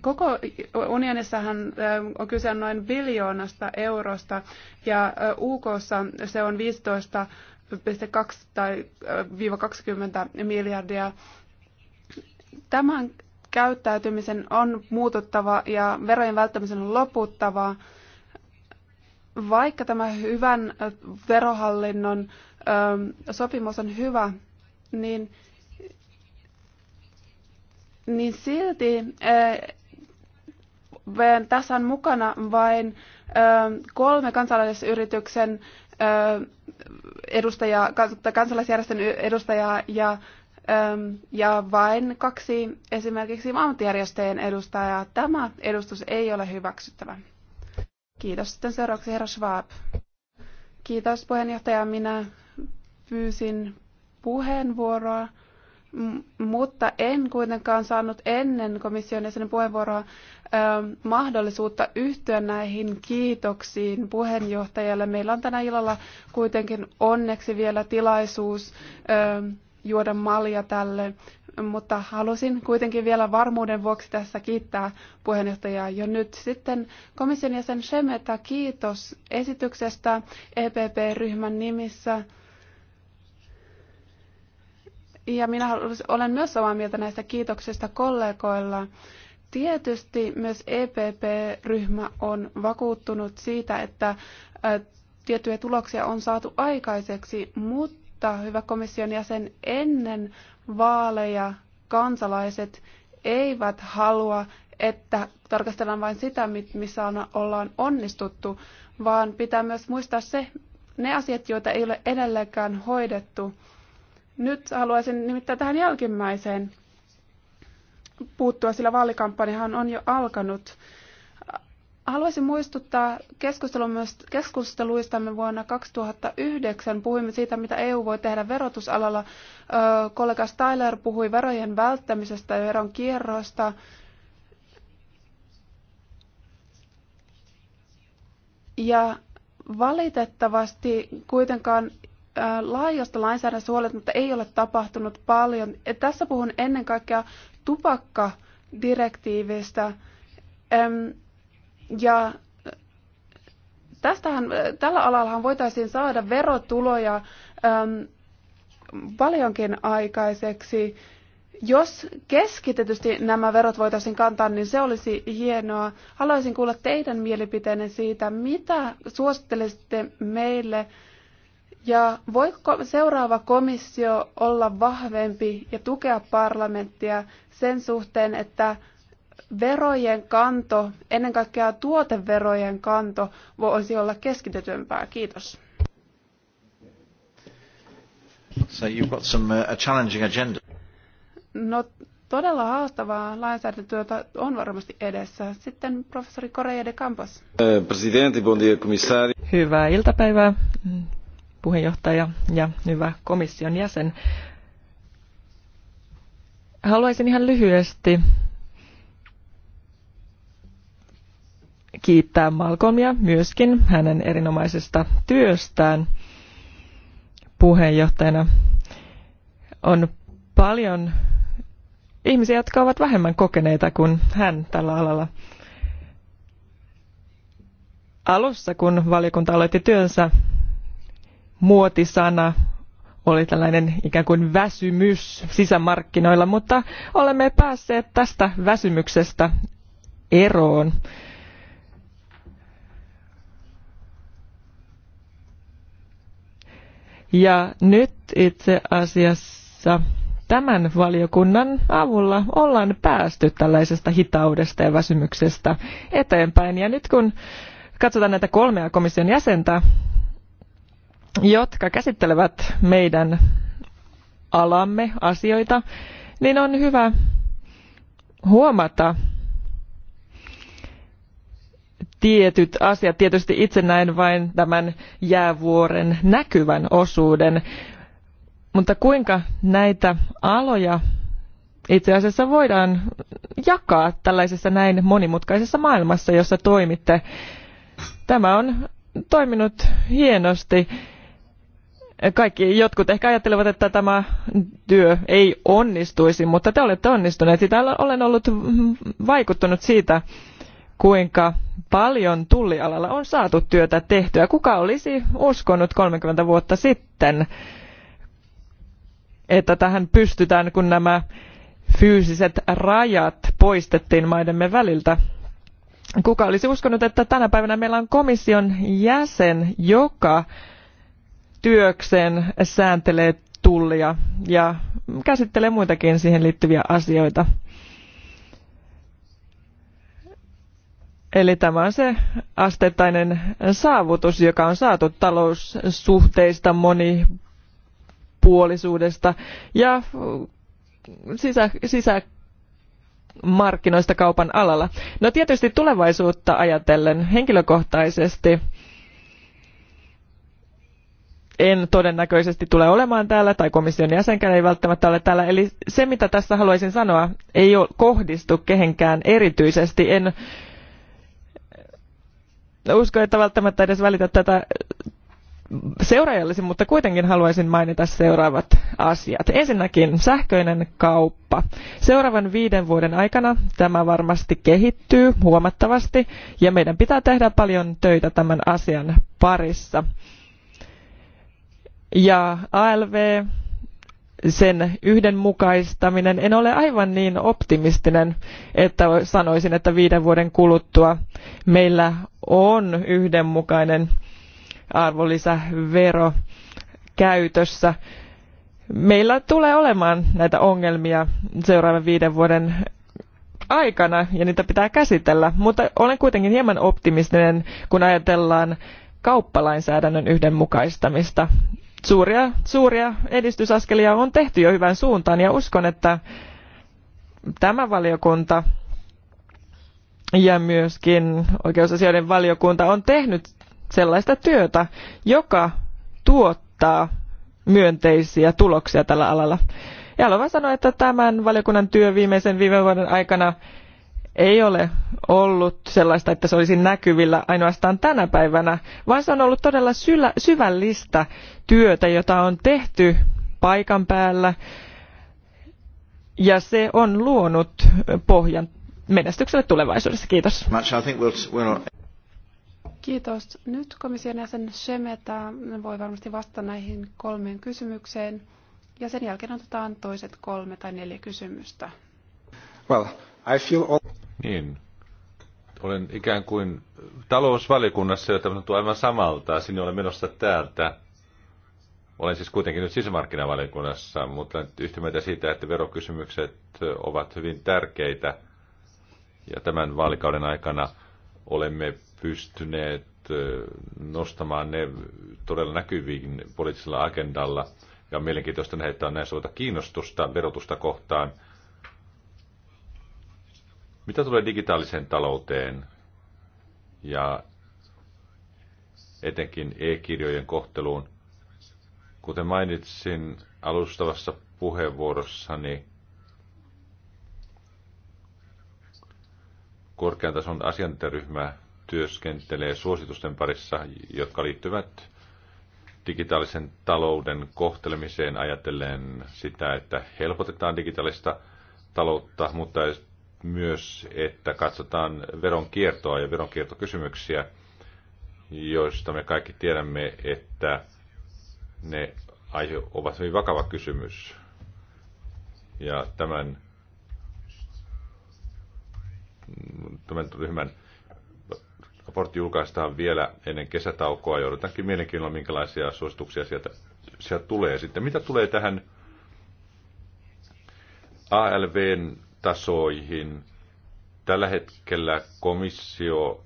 Koko unionissahan on kyse noin biljoonasta eurosta ja UKssa se on 15,2 tai 20 miljardia. Tämän käyttäytymisen on muututtava ja verojen välttämisen on loputtava. Vaikka tämä hyvän verohallinnon sopimus on hyvä, niin niin silti tässä on mukana vain kolme kansalaisyrityksen edustajaa, kansalaisjärjestön edustajaa ja, ja vain kaksi esimerkiksi ammattijärjestöjen edustajaa. Tämä edustus ei ole hyväksyttävä. Kiitos. Sitten seuraavaksi herra Schwab. Kiitos puheenjohtaja. Minä pyysin puheenvuoroa mutta en kuitenkaan saanut ennen komission jäsenen puheenvuoroa mahdollisuutta yhtyä näihin kiitoksiin puheenjohtajalle. Meillä on tänä illalla kuitenkin onneksi vielä tilaisuus juoda malja tälle, mutta halusin kuitenkin vielä varmuuden vuoksi tässä kiittää puheenjohtajaa jo nyt. Sitten komission jäsen Shemeta, kiitos esityksestä EPP-ryhmän nimissä. Ja minä olen myös samaa mieltä näistä kiitoksista kollegoilla. Tietysti myös EPP-ryhmä on vakuuttunut siitä, että tiettyjä tuloksia on saatu aikaiseksi, mutta hyvä komission jäsen, ennen vaaleja kansalaiset eivät halua, että tarkastellaan vain sitä, missä ollaan onnistuttu, vaan pitää myös muistaa se, ne asiat, joita ei ole edelleenkään hoidettu. Nyt haluaisin nimittäin tähän jälkimmäiseen puuttua, sillä vaalikampanjahan on jo alkanut. Haluaisin muistuttaa keskusteluistamme vuonna 2009. Puhuimme siitä, mitä EU voi tehdä verotusalalla. Kollega Steiler puhui verojen välttämisestä ja veron kierrosta. Ja valitettavasti kuitenkaan laajasta lainsäädännöstä mutta ei ole tapahtunut paljon. Et tässä puhun ennen kaikkea tupakkadirektiivistä. Ja tästähän, tällä alallahan voitaisiin saada verotuloja paljonkin aikaiseksi. Jos keskitetysti nämä verot voitaisiin kantaa, niin se olisi hienoa. Haluaisin kuulla teidän mielipiteenne siitä, mitä suosittelisitte meille ja voiko seuraava komissio olla vahvempi ja tukea parlamenttia sen suhteen, että verojen kanto, ennen kaikkea tuoteverojen kanto, voisi olla keskitetympää? Kiitos. So you've got some, uh, a challenging agenda. No, todella haastavaa lainsäädäntötyötä on varmasti edessä. Sitten professori Correa de Campos. Eh, Presidentti, bon dia, Hyvää iltapäivää, puheenjohtaja ja hyvä komission jäsen. Haluaisin ihan lyhyesti kiittää Malcolmia myöskin hänen erinomaisesta työstään puheenjohtajana. On paljon ihmisiä, jotka ovat vähemmän kokeneita kuin hän tällä alalla. Alussa, kun valiokunta aloitti työnsä, muotisana oli tällainen ikään kuin väsymys sisämarkkinoilla, mutta olemme päässeet tästä väsymyksestä eroon. Ja nyt itse asiassa tämän valiokunnan avulla ollaan päästy tällaisesta hitaudesta ja väsymyksestä eteenpäin. Ja nyt kun katsotaan näitä kolmea komission jäsentä, jotka käsittelevät meidän alamme asioita, niin on hyvä huomata tietyt asiat. Tietysti itse näen vain tämän jäävuoren näkyvän osuuden, mutta kuinka näitä aloja itse asiassa voidaan jakaa tällaisessa näin monimutkaisessa maailmassa, jossa toimitte. Tämä on toiminut hienosti kaikki jotkut ehkä ajattelevat että tämä työ ei onnistuisi mutta te olette onnistuneet. Sitä olen ollut vaikuttunut siitä kuinka paljon tullialalla on saatu työtä tehtyä. Kuka olisi uskonut 30 vuotta sitten, että tähän pystytään, kun nämä fyysiset rajat poistettiin maidemme väliltä? Kuka olisi uskonut, että tänä päivänä meillä on komission jäsen, joka työkseen sääntelee tullia ja käsittelee muitakin siihen liittyviä asioita. Eli tämä on se asteittainen saavutus, joka on saatu taloussuhteista, monipuolisuudesta ja sisä, sisämarkkinoista kaupan alalla. No tietysti tulevaisuutta ajatellen henkilökohtaisesti – en todennäköisesti tule olemaan täällä tai komission jäsenkään ei välttämättä ole täällä. Eli se mitä tässä haluaisin sanoa ei kohdistu kehenkään erityisesti. En usko, että välttämättä edes välitä tätä seuraajallisin, mutta kuitenkin haluaisin mainita seuraavat asiat. Ensinnäkin sähköinen kauppa. Seuraavan viiden vuoden aikana tämä varmasti kehittyy huomattavasti ja meidän pitää tehdä paljon töitä tämän asian parissa ja ALV, sen yhdenmukaistaminen. En ole aivan niin optimistinen, että sanoisin, että viiden vuoden kuluttua meillä on yhdenmukainen arvonlisävero käytössä. Meillä tulee olemaan näitä ongelmia seuraavan viiden vuoden aikana ja niitä pitää käsitellä, mutta olen kuitenkin hieman optimistinen, kun ajatellaan kauppalainsäädännön yhdenmukaistamista suuria, suuria edistysaskelia on tehty jo hyvään suuntaan ja uskon, että tämä valiokunta ja myöskin oikeusasioiden valiokunta on tehnyt sellaista työtä, joka tuottaa myönteisiä tuloksia tällä alalla. Ja haluan sanoa, että tämän valiokunnan työ viimeisen viime vuoden aikana ei ole ollut sellaista, että se olisi näkyvillä ainoastaan tänä päivänä, vaan se on ollut todella syvällistä työtä, jota on tehty paikan päällä, ja se on luonut pohjan menestykselle tulevaisuudessa. Kiitos. Kiitos. Nyt komission jäsen Shemeta voi varmasti vastata näihin kolmeen kysymykseen. Ja sen jälkeen otetaan toiset kolme tai neljä kysymystä. Well, I feel all... Niin. Olen ikään kuin talousvaliokunnassa, jota tuntuu aivan samalta. Sinne olen menossa täältä. Olen siis kuitenkin nyt sisämarkkinavaliokunnassa, mutta yhtä mieltä siitä, että verokysymykset ovat hyvin tärkeitä. Ja tämän vaalikauden aikana olemme pystyneet nostamaan ne todella näkyviin poliittisella agendalla. Ja on mielenkiintoista nähdä, että on näin suurta kiinnostusta verotusta kohtaan – mitä tulee digitaaliseen talouteen ja etenkin e-kirjojen kohteluun, kuten mainitsin alustavassa puheenvuorossani, korkean tason asiantaryhmä työskentelee suositusten parissa, jotka liittyvät digitaalisen talouden kohtelemiseen ajatellen sitä, että helpotetaan digitaalista taloutta, mutta myös, että katsotaan veronkiertoa ja veronkiertokysymyksiä, joista me kaikki tiedämme, että ne ovat hyvin vakava kysymys. Ja tämän, tämän ryhmän raportti julkaistaan vielä ennen kesätaukoa. Joudutankin mielenkiinnolla, minkälaisia suosituksia sieltä, sieltä tulee sitten. Mitä tulee tähän ALVn tasoihin. Tällä hetkellä komissio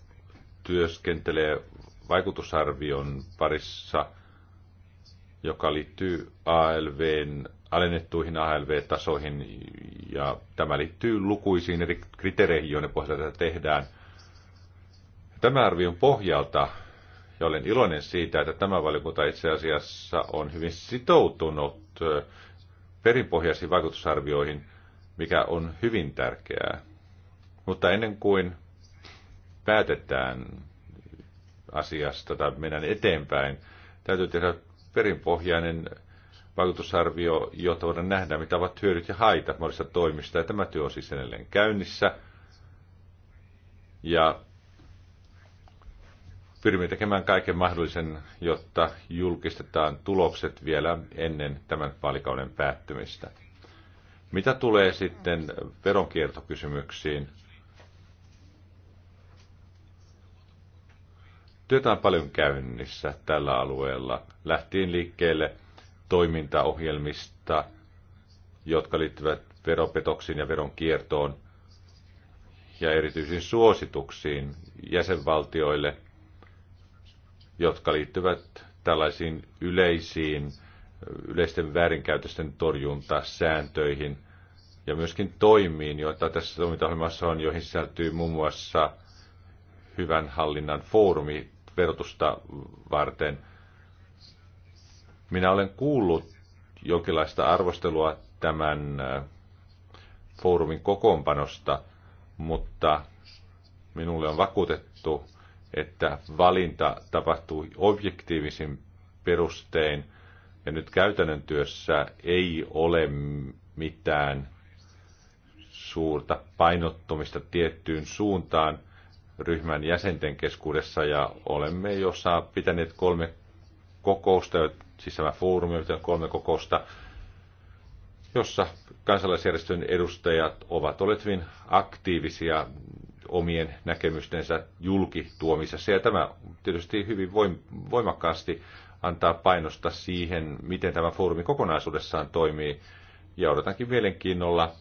työskentelee vaikutusarvion parissa, joka liittyy ALVn, alennettuihin ALV-tasoihin, ja tämä liittyy lukuisiin eri kriteereihin, joiden pohjalta tätä tehdään. Tämä arvion pohjalta, ja olen iloinen siitä, että tämä valiokunta itse asiassa on hyvin sitoutunut perinpohjaisiin vaikutusarvioihin, mikä on hyvin tärkeää. Mutta ennen kuin päätetään asiasta tai mennään eteenpäin, täytyy tehdä perinpohjainen vaikutusarvio, jotta voidaan nähdä, mitä ovat hyödyt ja haitat monista toimista. Ja tämä työ on siis edelleen käynnissä. Ja pyrimme tekemään kaiken mahdollisen, jotta julkistetaan tulokset vielä ennen tämän vaalikauden päättymistä. Mitä tulee sitten veronkiertokysymyksiin? Työtä on paljon käynnissä tällä alueella. lähtiin liikkeelle toimintaohjelmista, jotka liittyvät veropetoksiin ja veronkiertoon ja erityisiin suosituksiin jäsenvaltioille, jotka liittyvät tällaisiin yleisiin yleisten väärinkäytösten torjunta sääntöihin ja myöskin toimiin, joita tässä toimintaohjelmassa on, joihin sisältyy muun muassa hyvän hallinnan foorumi verotusta varten. Minä olen kuullut jonkinlaista arvostelua tämän äh, foorumin kokoonpanosta, mutta minulle on vakuutettu, että valinta tapahtuu objektiivisin perustein – ja nyt käytännön työssä ei ole mitään suurta painottumista tiettyyn suuntaan ryhmän jäsenten keskuudessa ja olemme jo saa pitäneet kolme kokousta, siis tämä foorumi on kolme kokousta, jossa kansalaisjärjestön edustajat ovat olleet hyvin aktiivisia omien näkemystensä julkituomisessa. Ja tämä tietysti hyvin voimakkaasti antaa painosta siihen, miten tämä foorumi kokonaisuudessaan toimii. Ja odotankin mielenkiinnolla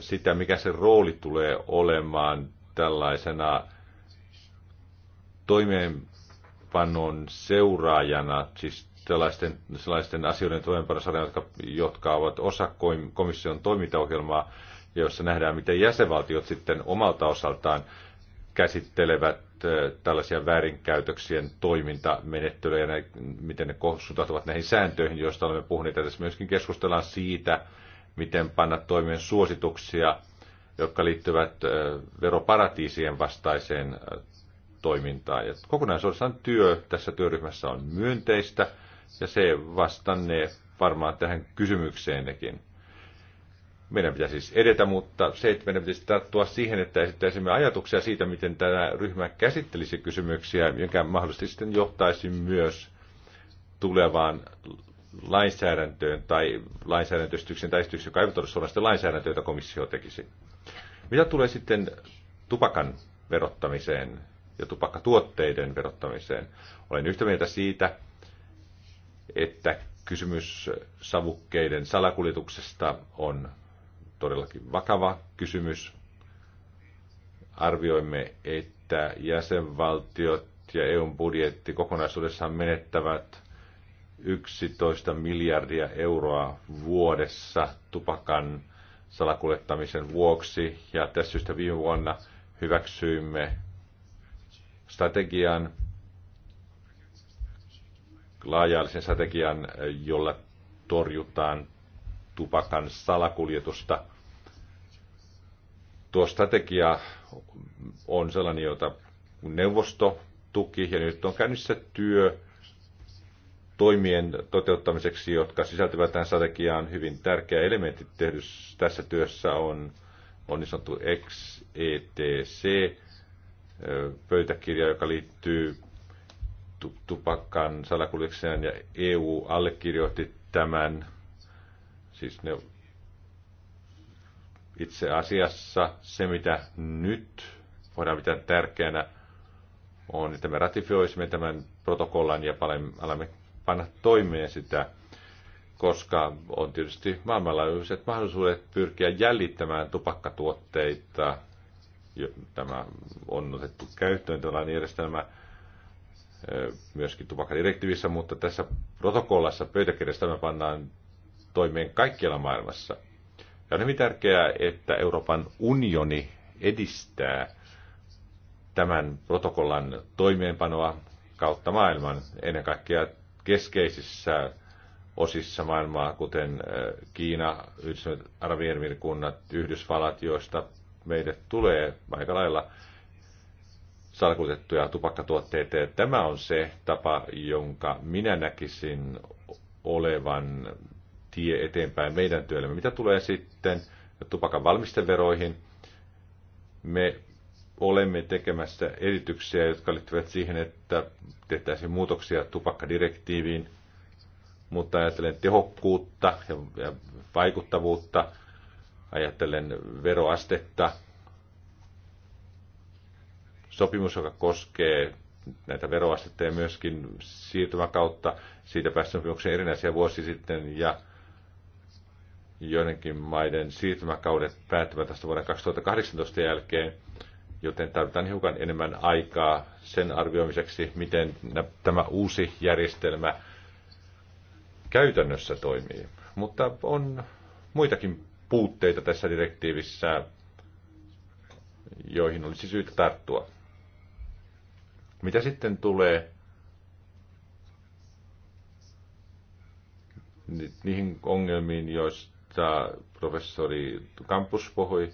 sitä, mikä se rooli tulee olemaan tällaisena toimeenpanon seuraajana, siis sellaisten, sellaisten asioiden toimeenpanossa, jotka, jotka ovat osa komission toimintaohjelmaa, jossa nähdään, miten jäsenvaltiot sitten omalta osaltaan käsittelevät Äh, tällaisia väärinkäytöksien toimintamenettelyjä, miten ne suhtautuvat näihin sääntöihin, joista olemme puhuneet. Ja tässä myöskin keskustellaan siitä, miten panna toimien suosituksia, jotka liittyvät äh, veroparatiisien vastaiseen äh, toimintaan. Ja kokonaisuudessaan työ tässä työryhmässä on myönteistä, ja se vastannee varmaan tähän kysymykseennekin. Meidän pitäisi siis edetä, mutta se, että meidän pitäisi tarttua siihen, että esittäisimme ajatuksia siitä, miten tämä ryhmä käsittelisi kysymyksiä, jonka mahdollisesti sitten johtaisi myös tulevaan lainsäädäntöön tai lainsäädäntöstyksen tai esitykseen, joka ei ole suorastaan lainsäädäntöä, jota komissio tekisi. Mitä tulee sitten tupakan verottamiseen ja tupakkatuotteiden verottamiseen? Olen yhtä mieltä siitä, että kysymys savukkeiden salakuljetuksesta on todellakin vakava kysymys. Arvioimme, että jäsenvaltiot ja EUn budjetti kokonaisuudessaan menettävät 11 miljardia euroa vuodessa tupakan salakuljettamisen vuoksi. Ja tässä syystä viime vuonna hyväksyimme strategian, laajallisen strategian, jolla torjutaan tupakan salakuljetusta. Tuo strategia on sellainen, jota neuvosto tuki, ja nyt on käynnissä työ toimien toteuttamiseksi, jotka sisältyvät tähän strategiaan. Hyvin tärkeä elementti tässä työssä on, on niin sanottu XETC, pöytäkirja, joka liittyy tupakkaan salakuljetukseen, ja EU allekirjoitti tämän Siis ne, itse asiassa se, mitä nyt voidaan pitää tärkeänä, on, että me ratifioisimme tämän protokollan ja alamme panna toimeen sitä, koska on tietysti maailmanlaajuiset mahdollisuudet pyrkiä jäljittämään tupakkatuotteita. Tämä on otettu käyttöön tällainen järjestelmä myöskin tupakkadirektiivissä, mutta tässä protokollassa pöytäkirjassa me pannaan toimeen kaikkialla maailmassa. Ja on hyvin tärkeää, että Euroopan unioni edistää tämän protokollan toimeenpanoa kautta maailman, ennen kaikkea keskeisissä osissa maailmaa, kuten äh, Kiina, Yhdistyneet kunnat, Yhdysvallat, joista meille tulee aika lailla salkutettuja tupakkatuotteita. tämä on se tapa, jonka minä näkisin olevan tie eteenpäin meidän työllemme. Mitä tulee sitten tupakan valmisteveroihin, me olemme tekemässä esityksiä, jotka liittyvät siihen, että tehtäisiin muutoksia tupakkadirektiiviin, mutta ajattelen tehokkuutta ja vaikuttavuutta, ajattelen veroastetta, sopimus, joka koskee näitä veroasteita ja myöskin siirtymäkautta. Siitä päästiin erinäisiä vuosi sitten ja joidenkin maiden siirtymäkaudet päättyvät tästä vuoden 2018 jälkeen, joten tarvitaan hiukan enemmän aikaa sen arvioimiseksi, miten tämä uusi järjestelmä käytännössä toimii. Mutta on muitakin puutteita tässä direktiivissä, joihin olisi syytä tarttua. Mitä sitten tulee niihin ongelmiin, joista josta professori Kampus puhui.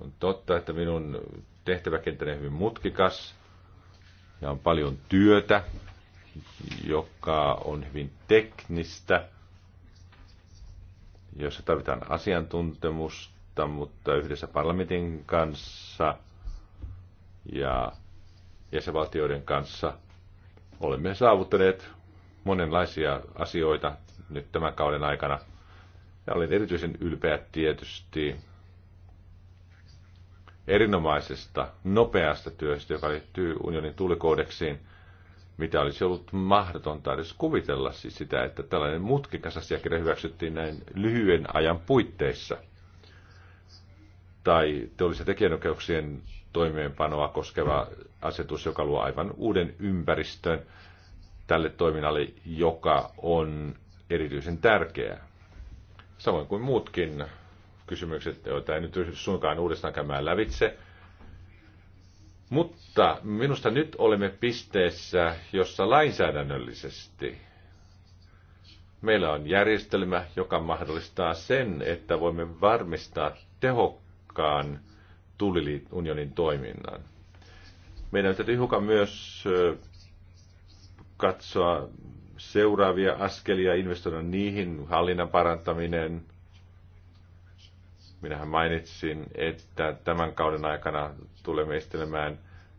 On totta, että minun tehtäväkenttäni on hyvin mutkikas ja on paljon työtä, joka on hyvin teknistä, jossa tarvitaan asiantuntemusta, mutta yhdessä parlamentin kanssa ja jäsenvaltioiden kanssa olemme saavuttaneet monenlaisia asioita nyt tämän kauden aikana – ja olen erityisen ylpeä tietysti erinomaisesta, nopeasta työstä, joka liittyy unionin tulikoodeksiin, mitä olisi ollut mahdotonta edes kuvitella siis sitä, että tällainen mutkikas asiakirja hyväksyttiin näin lyhyen ajan puitteissa. Tai teollisen tekijänoikeuksien toimeenpanoa koskeva asetus, joka luo aivan uuden ympäristön tälle toiminnalle, joka on erityisen tärkeää samoin kuin muutkin kysymykset, joita ei nyt suinkaan uudestaan käymään lävitse. Mutta minusta nyt olemme pisteessä, jossa lainsäädännöllisesti meillä on järjestelmä, joka mahdollistaa sen, että voimme varmistaa tehokkaan tulliliunionin toiminnan. Meidän täytyy hiukan myös katsoa seuraavia askelia, investoida niihin, hallinnan parantaminen. Minähän mainitsin, että tämän kauden aikana tulemme estelemään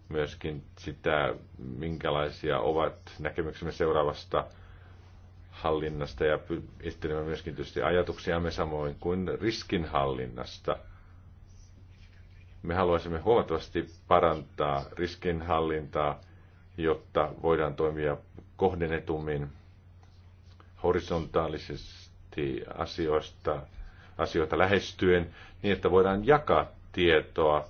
myöskin sitä, minkälaisia ovat näkemyksemme seuraavasta hallinnasta ja esittelemme myöskin tietysti ajatuksiamme samoin kuin riskinhallinnasta. Me haluaisimme huomattavasti parantaa riskinhallintaa, jotta voidaan toimia kohdennetummin horisontaalisesti asioista, asioita lähestyen niin, että voidaan jakaa tietoa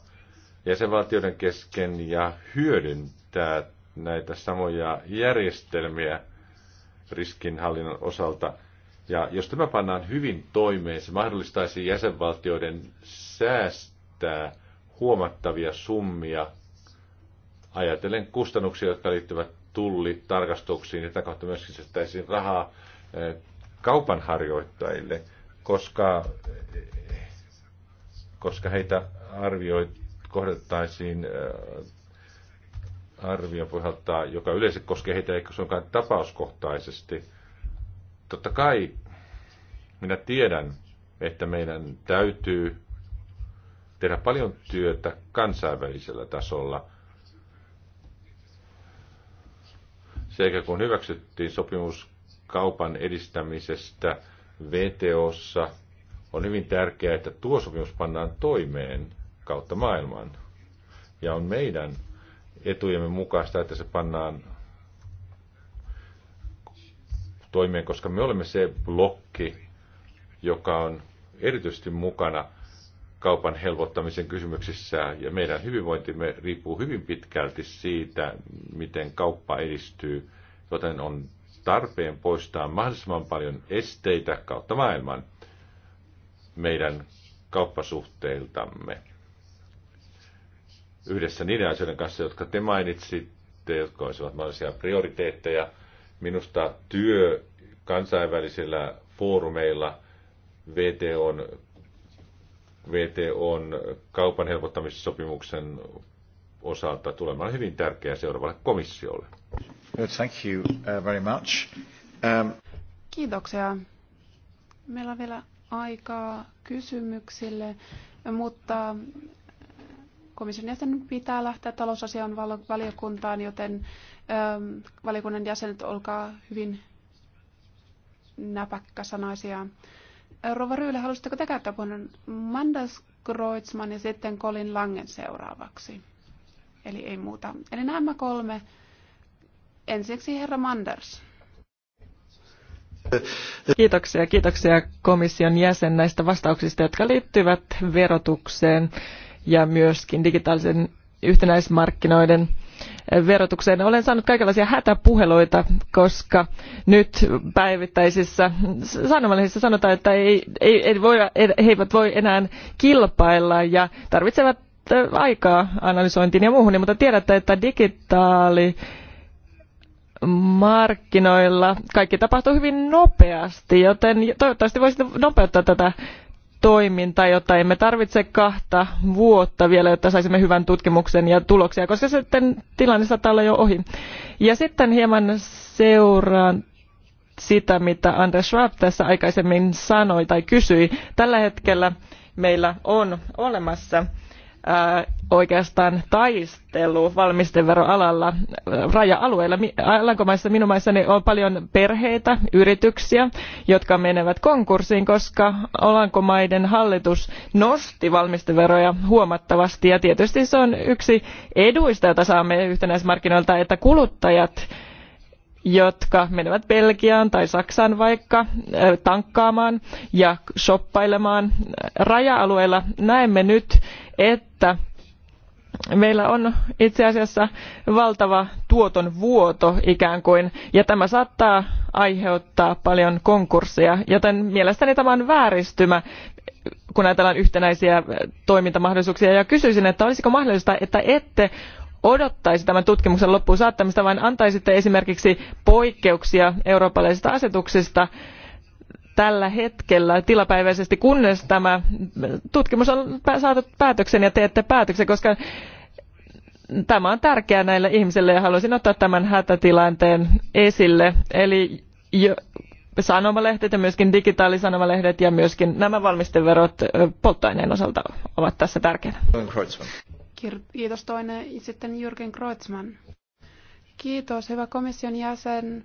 jäsenvaltioiden kesken ja hyödyntää näitä samoja järjestelmiä riskinhallinnan osalta. Ja jos tämä pannaan hyvin toimeen, se mahdollistaisi jäsenvaltioiden säästää huomattavia summia ajatellen kustannuksia, jotka liittyvät tullitarkastuksiin ja tätä kautta myös sysättäisiin rahaa eh, kaupan harjoittajille, koska, eh, koska heitä arvioi, kohdattaisiin eh, arvion pohjalta, joka yleensä koskee heitä eikä suinkaan tapauskohtaisesti. Totta kai minä tiedän, että meidän täytyy tehdä paljon työtä kansainvälisellä tasolla – sekä kun hyväksyttiin sopimus kaupan edistämisestä VTOssa, on hyvin tärkeää, että tuo sopimus pannaan toimeen kautta maailman. Ja on meidän etujemme mukaista, että se pannaan toimeen, koska me olemme se blokki, joka on erityisesti mukana – kaupan helpottamisen kysymyksissä ja meidän hyvinvointimme riippuu hyvin pitkälti siitä, miten kauppa edistyy, joten on tarpeen poistaa mahdollisimman paljon esteitä kautta maailman meidän kauppasuhteiltamme. Yhdessä niiden asioiden kanssa, jotka te mainitsitte, jotka olisivat mahdollisia prioriteetteja, minusta työ kansainvälisillä foorumeilla, VTOn VTOn kaupan helpottamissopimuksen osalta tulemaan hyvin tärkeä seuraavalle komissiolle. Thank you uh, very much. Um... Kiitoksia. Meillä on vielä aikaa kysymyksille, mutta komission jäsen pitää lähteä talousasian valiokuntaan, joten um, valiokunnan jäsenet olkaa hyvin näpäkkäsanaisia. sanaisia. Rova Ryylä, halusitteko te käyttää puheenvuoron Mandas Kreutzmann ja sitten Colin Langen seuraavaksi? Eli ei muuta. Eli nämä kolme. Ensiksi herra Manders. Kiitoksia, kiitoksia komission jäsen näistä vastauksista, jotka liittyvät verotukseen ja myöskin digitaalisen yhtenäismarkkinoiden verotukseen. Olen saanut kaikenlaisia hätäpuheluita, koska nyt päivittäisissä sanomalehdissä sanotaan, että ei, ei, ei he eivät voi enää kilpailla ja tarvitsevat äh, aikaa analysointiin ja muuhun, mutta tiedätte, että digitaali markkinoilla kaikki tapahtuu hyvin nopeasti, joten toivottavasti voisitte nopeuttaa tätä toiminta, jota emme tarvitse kahta vuotta vielä, jotta saisimme hyvän tutkimuksen ja tuloksia, koska sitten tilanne saattaa olla jo ohi. Ja sitten hieman seuraan sitä, mitä Anders Schwab tässä aikaisemmin sanoi tai kysyi. Tällä hetkellä meillä on olemassa oikeastaan taistelu valmisteveroalalla raja-alueilla. Alankomaissa minun maissani on paljon perheitä, yrityksiä, jotka menevät konkurssiin, koska Alankomaiden hallitus nosti valmisteveroja huomattavasti. Ja tietysti se on yksi eduista, jota saamme yhtenäismarkkinoilta, että kuluttajat jotka menevät Belgiaan tai Saksaan vaikka tankkaamaan ja shoppailemaan raja-alueilla, näemme nyt, että meillä on itse asiassa valtava tuoton vuoto ikään kuin, ja tämä saattaa aiheuttaa paljon konkursseja, joten mielestäni tämä on vääristymä, kun ajatellaan yhtenäisiä toimintamahdollisuuksia, ja kysyisin, että olisiko mahdollista, että ette odottaisi tämän tutkimuksen loppuun saattamista vaan antaisitte esimerkiksi poikkeuksia eurooppalaisista asetuksista tällä hetkellä tilapäisesti kunnes tämä tutkimus on saatu päätökseen ja teette päätöksen koska tämä on tärkeää näille ihmisille ja haluaisin ottaa tämän hätätilanteen esille. Eli sanomalehdet ja myöskin digitaalisanomalehdet ja myöskin nämä valmisteverot polttoaineen osalta ovat tässä tärkeitä. Kiitos toinen sitten Jürgen Kreutzmann. Kiitos, hyvä komission jäsen.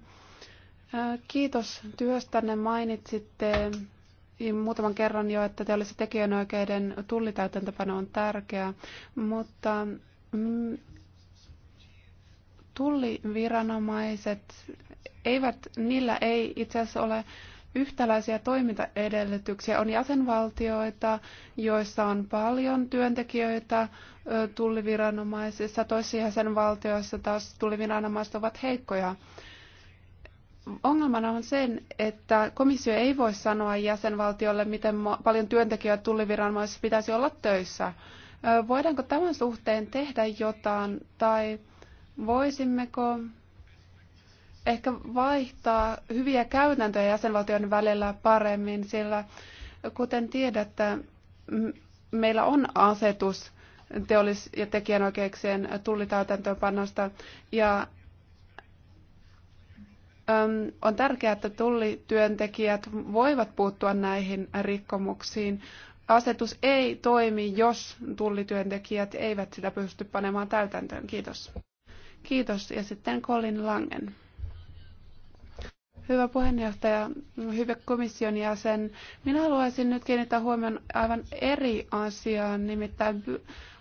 Kiitos työstänne. Mainitsitte muutaman kerran jo, että teollisen tekijänoikeuden tullitäytäntöpano on tärkeää, mutta mm, tulliviranomaiset eivät, niillä ei itse asiassa ole yhtäläisiä toimintaedellytyksiä. On jäsenvaltioita, joissa on paljon työntekijöitä tulliviranomaisissa, toisissa jäsenvaltioissa taas tulliviranomaiset ovat heikkoja. Ongelmana on sen, että komissio ei voi sanoa jäsenvaltiolle, miten paljon työntekijöitä tulliviranomaisissa pitäisi olla töissä. Voidaanko tämän suhteen tehdä jotain tai voisimmeko ehkä vaihtaa hyviä käytäntöjä jäsenvaltioiden välillä paremmin, sillä kuten tiedätte, meillä on asetus teollis- ja tekijänoikeuksien tullitäytäntöönpanosta ja on tärkeää, että tullityöntekijät voivat puuttua näihin rikkomuksiin. Asetus ei toimi, jos tullityöntekijät eivät sitä pysty panemaan täytäntöön. Kiitos. Kiitos. Ja sitten Colin Langen. Hyvä puheenjohtaja, hyvä komission jäsen. Minä haluaisin nyt kiinnittää huomion aivan eri asiaan, nimittäin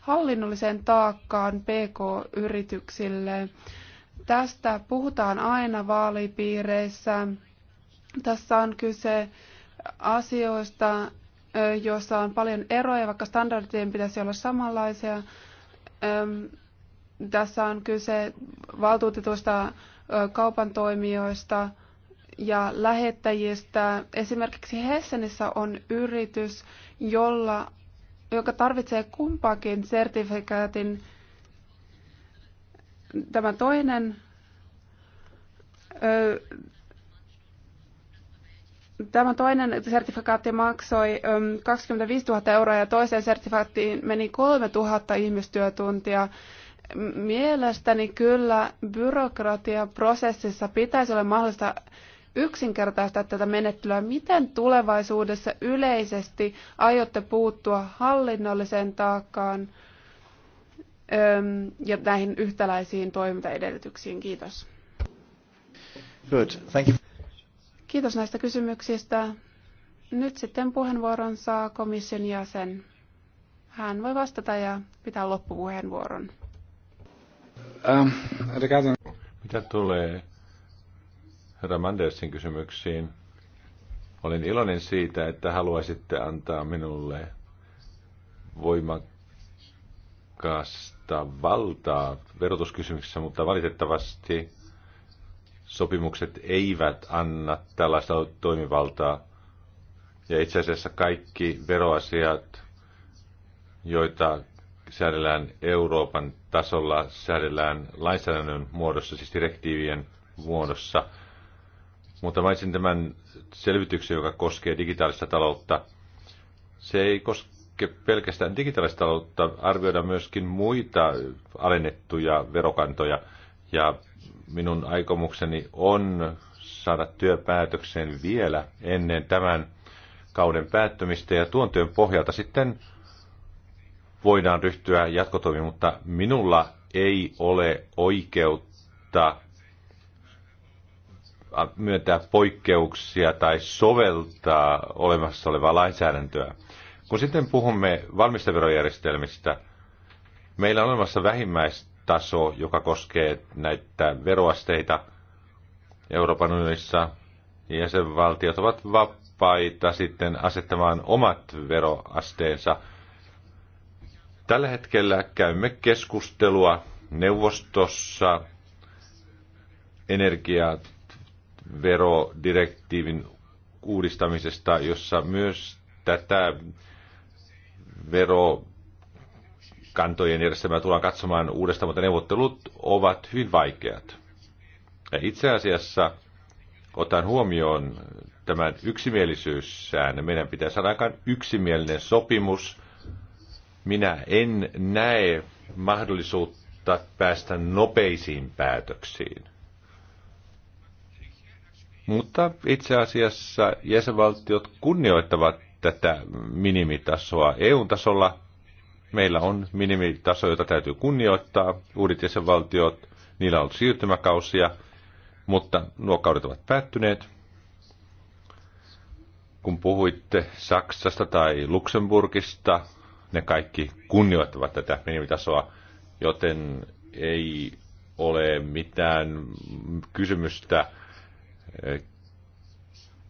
hallinnolliseen taakkaan PK-yrityksille. Tästä puhutaan aina vaalipiireissä. Tässä on kyse asioista, joissa on paljon eroja, vaikka standardien pitäisi olla samanlaisia. Tässä on kyse valtuutetuista kaupan toimijoista – ja lähettäjistä. Esimerkiksi Hessenissä on yritys, jolla, joka tarvitsee kumpaakin sertifikaatin. Tämä toinen ö, Tämä toinen sertifikaatti maksoi 25 000 euroa ja toiseen sertifikaattiin meni 3 000 ihmistyötuntia. Mielestäni kyllä byrokratiaprosessissa pitäisi olla mahdollista yksinkertaistaa tätä menettelyä. Miten tulevaisuudessa yleisesti aiotte puuttua hallinnolliseen taakkaan ja näihin yhtäläisiin toimintaedellytyksiin? Kiitos. Good. Thank you. Kiitos näistä kysymyksistä. Nyt sitten puheenvuoron saa komission jäsen. Hän voi vastata ja pitää loppupuheenvuoron. Um, Mitä tulee herra Mandersin kysymyksiin. Olen iloinen siitä, että haluaisitte antaa minulle voimakasta valtaa verotuskysymyksissä, mutta valitettavasti sopimukset eivät anna tällaista toimivaltaa. Ja itse asiassa kaikki veroasiat, joita säädellään Euroopan tasolla, säädellään lainsäädännön muodossa, siis direktiivien muodossa – mutta mainitsin tämän selvityksen, joka koskee digitaalista taloutta. Se ei koske pelkästään digitaalista taloutta, arvioida myöskin muita alennettuja verokantoja. Ja minun aikomukseni on saada työpäätöksen vielä ennen tämän kauden päättymistä ja tuon työn pohjalta sitten voidaan ryhtyä jatkotoimiin, mutta minulla ei ole oikeutta myöntää poikkeuksia tai soveltaa olemassa olevaa lainsäädäntöä. Kun sitten puhumme valmisteverojärjestelmistä, meillä on olemassa vähimmäistaso, joka koskee näitä veroasteita Euroopan unionissa. Jäsenvaltiot ovat vapaita sitten asettamaan omat veroasteensa. Tällä hetkellä käymme keskustelua neuvostossa energiaa verodirektiivin uudistamisesta, jossa myös tätä verokantojen järjestelmää tullaan katsomaan uudestaan, mutta neuvottelut ovat hyvin vaikeat. Ja itse asiassa otan huomioon tämän yksimielisyyssään, Meidän pitää saada aikaan yksimielinen sopimus. Minä en näe mahdollisuutta päästä nopeisiin päätöksiin. Mutta itse asiassa jäsenvaltiot kunnioittavat tätä minimitasoa. EU-tasolla meillä on minimitaso, jota täytyy kunnioittaa. Uudet jäsenvaltiot, niillä on siirtymäkausia, mutta nuo kaudet ovat päättyneet. Kun puhuitte Saksasta tai Luxemburgista, ne kaikki kunnioittavat tätä minimitasoa, joten ei ole mitään kysymystä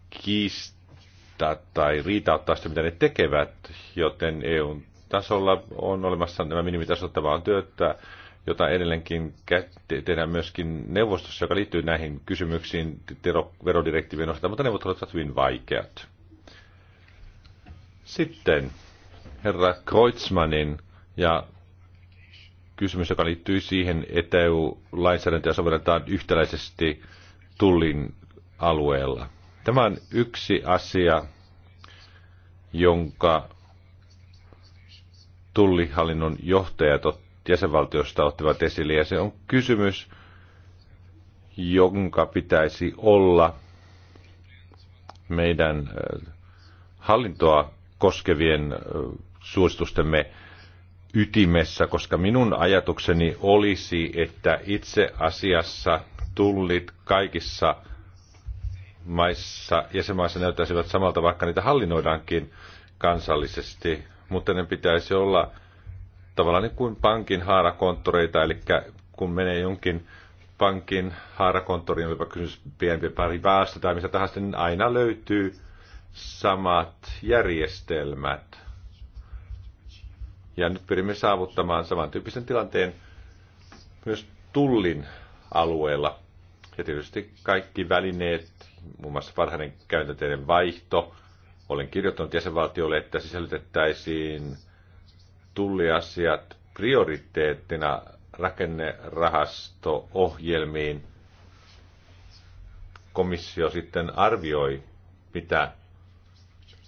kiistaa tai riitauttaa sitä, mitä ne tekevät, joten EUn tasolla on olemassa nämä minimitasot, vaan on työtä, jota edelleenkin tehdään myöskin neuvostossa, joka liittyy näihin kysymyksiin verodirektiivien osalta, mutta neuvottelut ovat hyvin vaikeat. Sitten herra Kreutzmannin ja kysymys, joka liittyy siihen, että EU-lainsäädäntöä sovelletaan yhtäläisesti tullin alueella. Tämä on yksi asia, jonka tullihallinnon johtajat jäsenvaltiosta ottivat esille, ja se on kysymys, jonka pitäisi olla meidän hallintoa koskevien suositustemme ytimessä, koska minun ajatukseni olisi, että itse asiassa tullit kaikissa maissa, jäsenmaissa näyttäisivät samalta, vaikka niitä hallinnoidaankin kansallisesti, mutta ne pitäisi olla tavallaan niin kuin pankin haarakonttoreita, eli kun menee jonkin pankin haarakonttoriin, jopa kysymys pienempi pari päästä tai mistä tahansa, niin aina löytyy samat järjestelmät. Ja nyt pyrimme saavuttamaan samantyyppisen tilanteen myös tullin alueella. Ja tietysti kaikki välineet, muun muassa varhainen käytänteiden vaihto. Olen kirjoittanut jäsenvaltiolle, että sisällytettäisiin tulliasiat prioriteettina rakennerahasto-ohjelmiin. Komissio sitten arvioi, mitä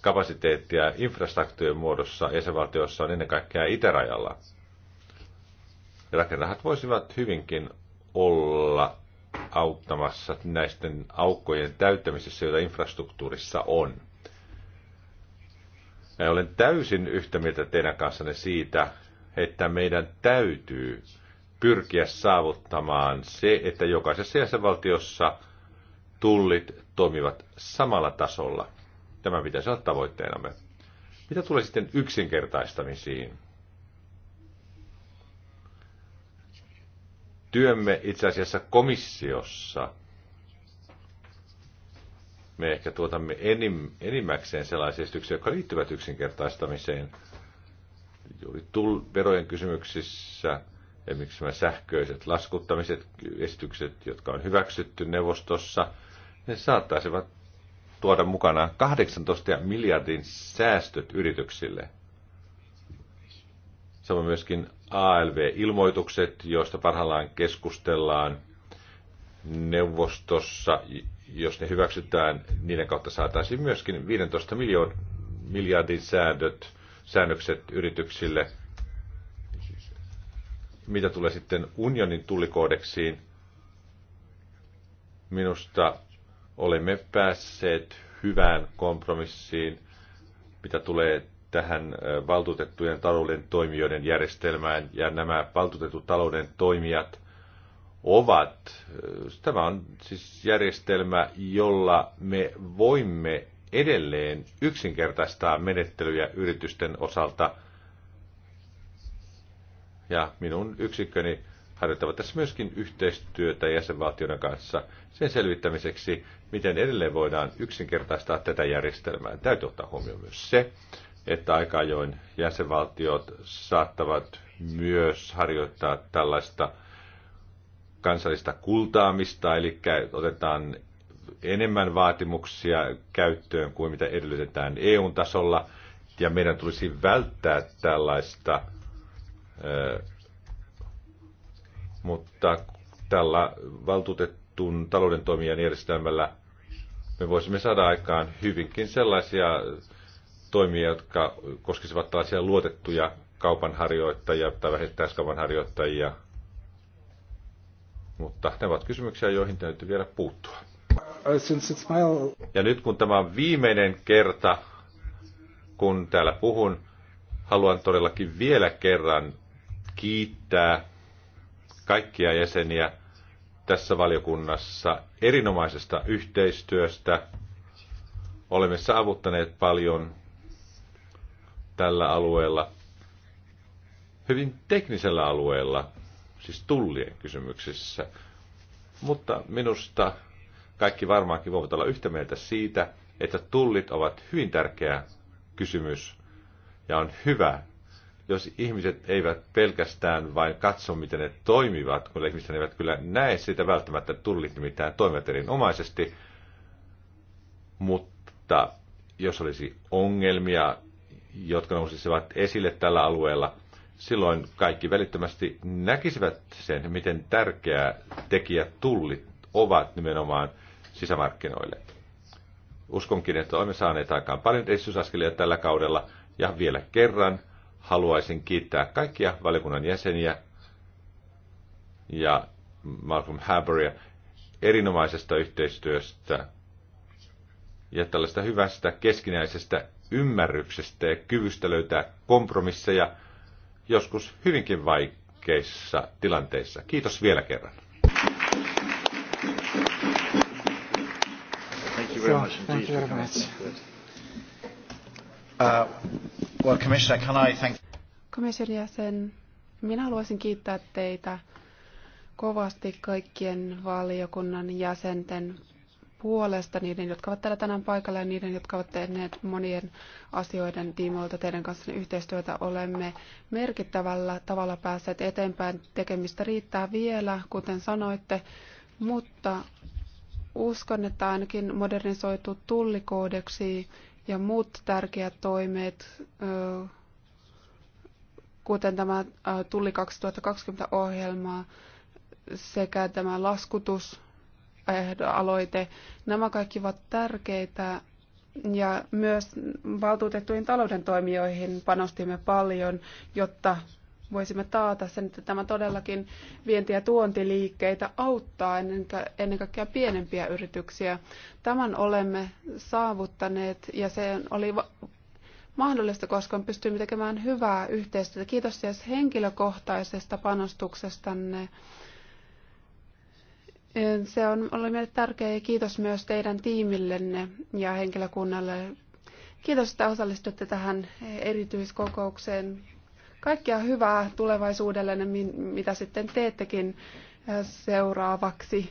kapasiteettia infrastruktuurin muodossa jäsenvaltioissa on ennen kaikkea itärajalla. Rakennerahat voisivat hyvinkin olla auttamassa näisten aukkojen täyttämisessä, joita infrastruktuurissa on. Mä olen täysin yhtä mieltä teidän kanssanne siitä, että meidän täytyy pyrkiä saavuttamaan se, että jokaisessa jäsenvaltiossa tullit toimivat samalla tasolla. Tämä pitäisi olla tavoitteenamme. Mitä tulee sitten yksinkertaistamisiin? työmme itse asiassa komissiossa. Me ehkä tuotamme enim, enimmäkseen sellaisia esityksiä, jotka liittyvät yksinkertaistamiseen juuri tull, verojen kysymyksissä, esimerkiksi nämä sähköiset laskuttamiset, esitykset, jotka on hyväksytty neuvostossa, ne saattaisivat tuoda mukana 18 miljardin säästöt yrityksille – Samoin myöskin ALV-ilmoitukset, joista parhaillaan keskustellaan neuvostossa. Jos ne hyväksytään, niiden kautta saataisiin myöskin 15 miljardin säädöt, säännökset yrityksille. Mitä tulee sitten unionin tullikoodeksiin, minusta olemme päässeet hyvään kompromissiin, mitä tulee tähän valtuutettujen talouden toimijoiden järjestelmään, ja nämä valtuutetut talouden toimijat ovat, tämä on siis järjestelmä, jolla me voimme edelleen yksinkertaistaa menettelyjä yritysten osalta. Ja minun yksikköni harjoittavat tässä myöskin yhteistyötä jäsenvaltioiden kanssa sen selvittämiseksi, miten edelleen voidaan yksinkertaistaa tätä järjestelmää. Täytyy ottaa huomioon myös se, että aika ajoin jäsenvaltiot saattavat myös harjoittaa tällaista kansallista kultaamista, eli otetaan enemmän vaatimuksia käyttöön kuin mitä edellytetään EU-tasolla, ja meidän tulisi välttää tällaista, mutta tällä valtuutettuun talouden toimijan järjestelmällä me voisimme saada aikaan hyvinkin sellaisia toimia, jotka koskisivat tällaisia luotettuja kaupanharjoittajia tai vähittäiskaupanharjoittajia. harjoittajia. Mutta ne ovat kysymyksiä, joihin täytyy vielä puuttua. Uh, ja nyt kun tämä on viimeinen kerta, kun täällä puhun, haluan todellakin vielä kerran kiittää kaikkia jäseniä tässä valiokunnassa erinomaisesta yhteistyöstä. Olemme saavuttaneet paljon tällä alueella, hyvin teknisellä alueella, siis tullien kysymyksissä. Mutta minusta kaikki varmaankin voivat olla yhtä mieltä siitä, että tullit ovat hyvin tärkeä kysymys ja on hyvä, jos ihmiset eivät pelkästään vain katso, miten ne toimivat, kun ihmiset eivät kyllä näe sitä välttämättä, tullit nimittäin toimivat erinomaisesti, mutta jos olisi ongelmia jotka nousisivat esille tällä alueella, silloin kaikki välittömästi näkisivät sen, miten tärkeä tekijä tullit ovat nimenomaan sisämarkkinoille. Uskonkin, että olemme saaneet aikaan paljon edistysaskelia tällä kaudella, ja vielä kerran haluaisin kiittää kaikkia valiokunnan jäseniä ja Malcolm Haberia erinomaisesta yhteistyöstä ja tällaista hyvästä keskinäisestä ymmärryksestä ja kyvystä löytää kompromisseja joskus hyvinkin vaikeissa tilanteissa. Kiitos vielä kerran. Komissari uh, Komission jäsen, minä haluaisin kiittää teitä kovasti kaikkien valiokunnan jäsenten puolesta, niiden, jotka ovat täällä tänään paikalla ja niiden, jotka ovat tehneet monien asioiden tiimoilta teidän kanssa yhteistyötä. Olemme merkittävällä tavalla päässeet eteenpäin. Tekemistä riittää vielä, kuten sanoitte, mutta uskon, että ainakin modernisoitu tullikoodeksi ja muut tärkeät toimet, kuten tämä Tulli 2020-ohjelma sekä tämä laskutus aloite. Nämä kaikki ovat tärkeitä ja myös valtuutettuihin talouden toimijoihin panostimme paljon, jotta voisimme taata sen, että tämä todellakin vienti- ja tuontiliikkeitä auttaa ennen kaikkea pienempiä yrityksiä. Tämän olemme saavuttaneet ja se oli mahdollista, koska pystymme tekemään hyvää yhteistyötä. Kiitos siis henkilökohtaisesta panostuksestanne se on ollut meille tärkeä ja kiitos myös teidän tiimillenne ja henkilökunnalle. Kiitos, että osallistutte tähän erityiskokoukseen. Kaikkea hyvää tulevaisuudelle, mitä sitten teettekin seuraavaksi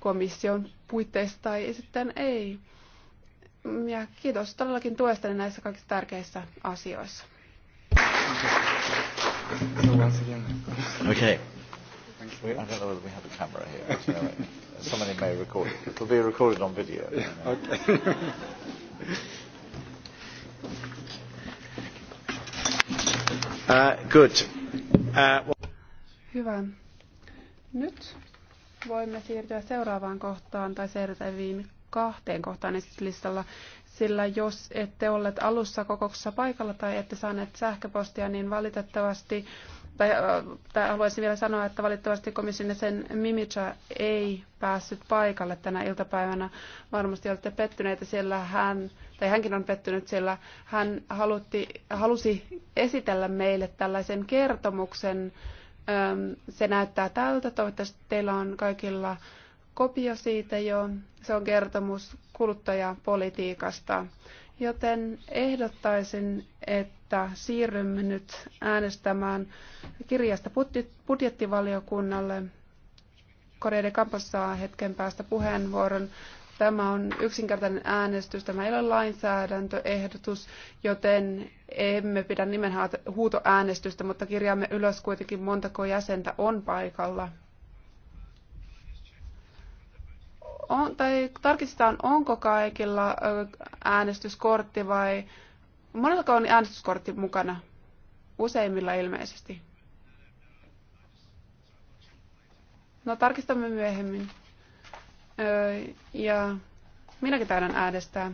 komission puitteissa tai sitten ei. Ja kiitos todellakin tuesta näissä kaikissa tärkeissä asioissa. Okay. We, I don't know whether we have a camera here. anyway, somebody may record it. will be recorded on video. You know. okay. uh, good. Uh, well... Hyvä. Nyt voimme siirtyä seuraavaan kohtaan tai seurata kahteen kohtaan esityslistalla, sillä jos ette olleet alussa kokouksessa paikalla tai ette saaneet sähköpostia, niin valitettavasti tai, tai haluaisin vielä sanoa, että valitettavasti komission sen Mimicha ei päässyt paikalle tänä iltapäivänä. Varmasti olette pettyneitä, siellä hän, tai hänkin on pettynyt, sillä hän halutti, halusi esitellä meille tällaisen kertomuksen. Se näyttää tältä, toivottavasti teillä on kaikilla kopio siitä jo. Se on kertomus kuluttajapolitiikasta. politiikasta Joten ehdottaisin, että siirrymme nyt äänestämään kirjasta budjettivaliokunnalle. Koreiden Kampos saa hetken päästä puheenvuoron. Tämä on yksinkertainen äänestys, tämä ei ole lainsäädäntöehdotus, joten emme pidä nimenhuutoäänestystä, mutta kirjaamme ylös kuitenkin montako jäsentä on paikalla. on, tai tarkistetaan, onko kaikilla äänestyskortti vai monellako on äänestyskortti mukana? Useimmilla ilmeisesti. No tarkistamme myöhemmin. Öö, ja minäkin taidan äänestää.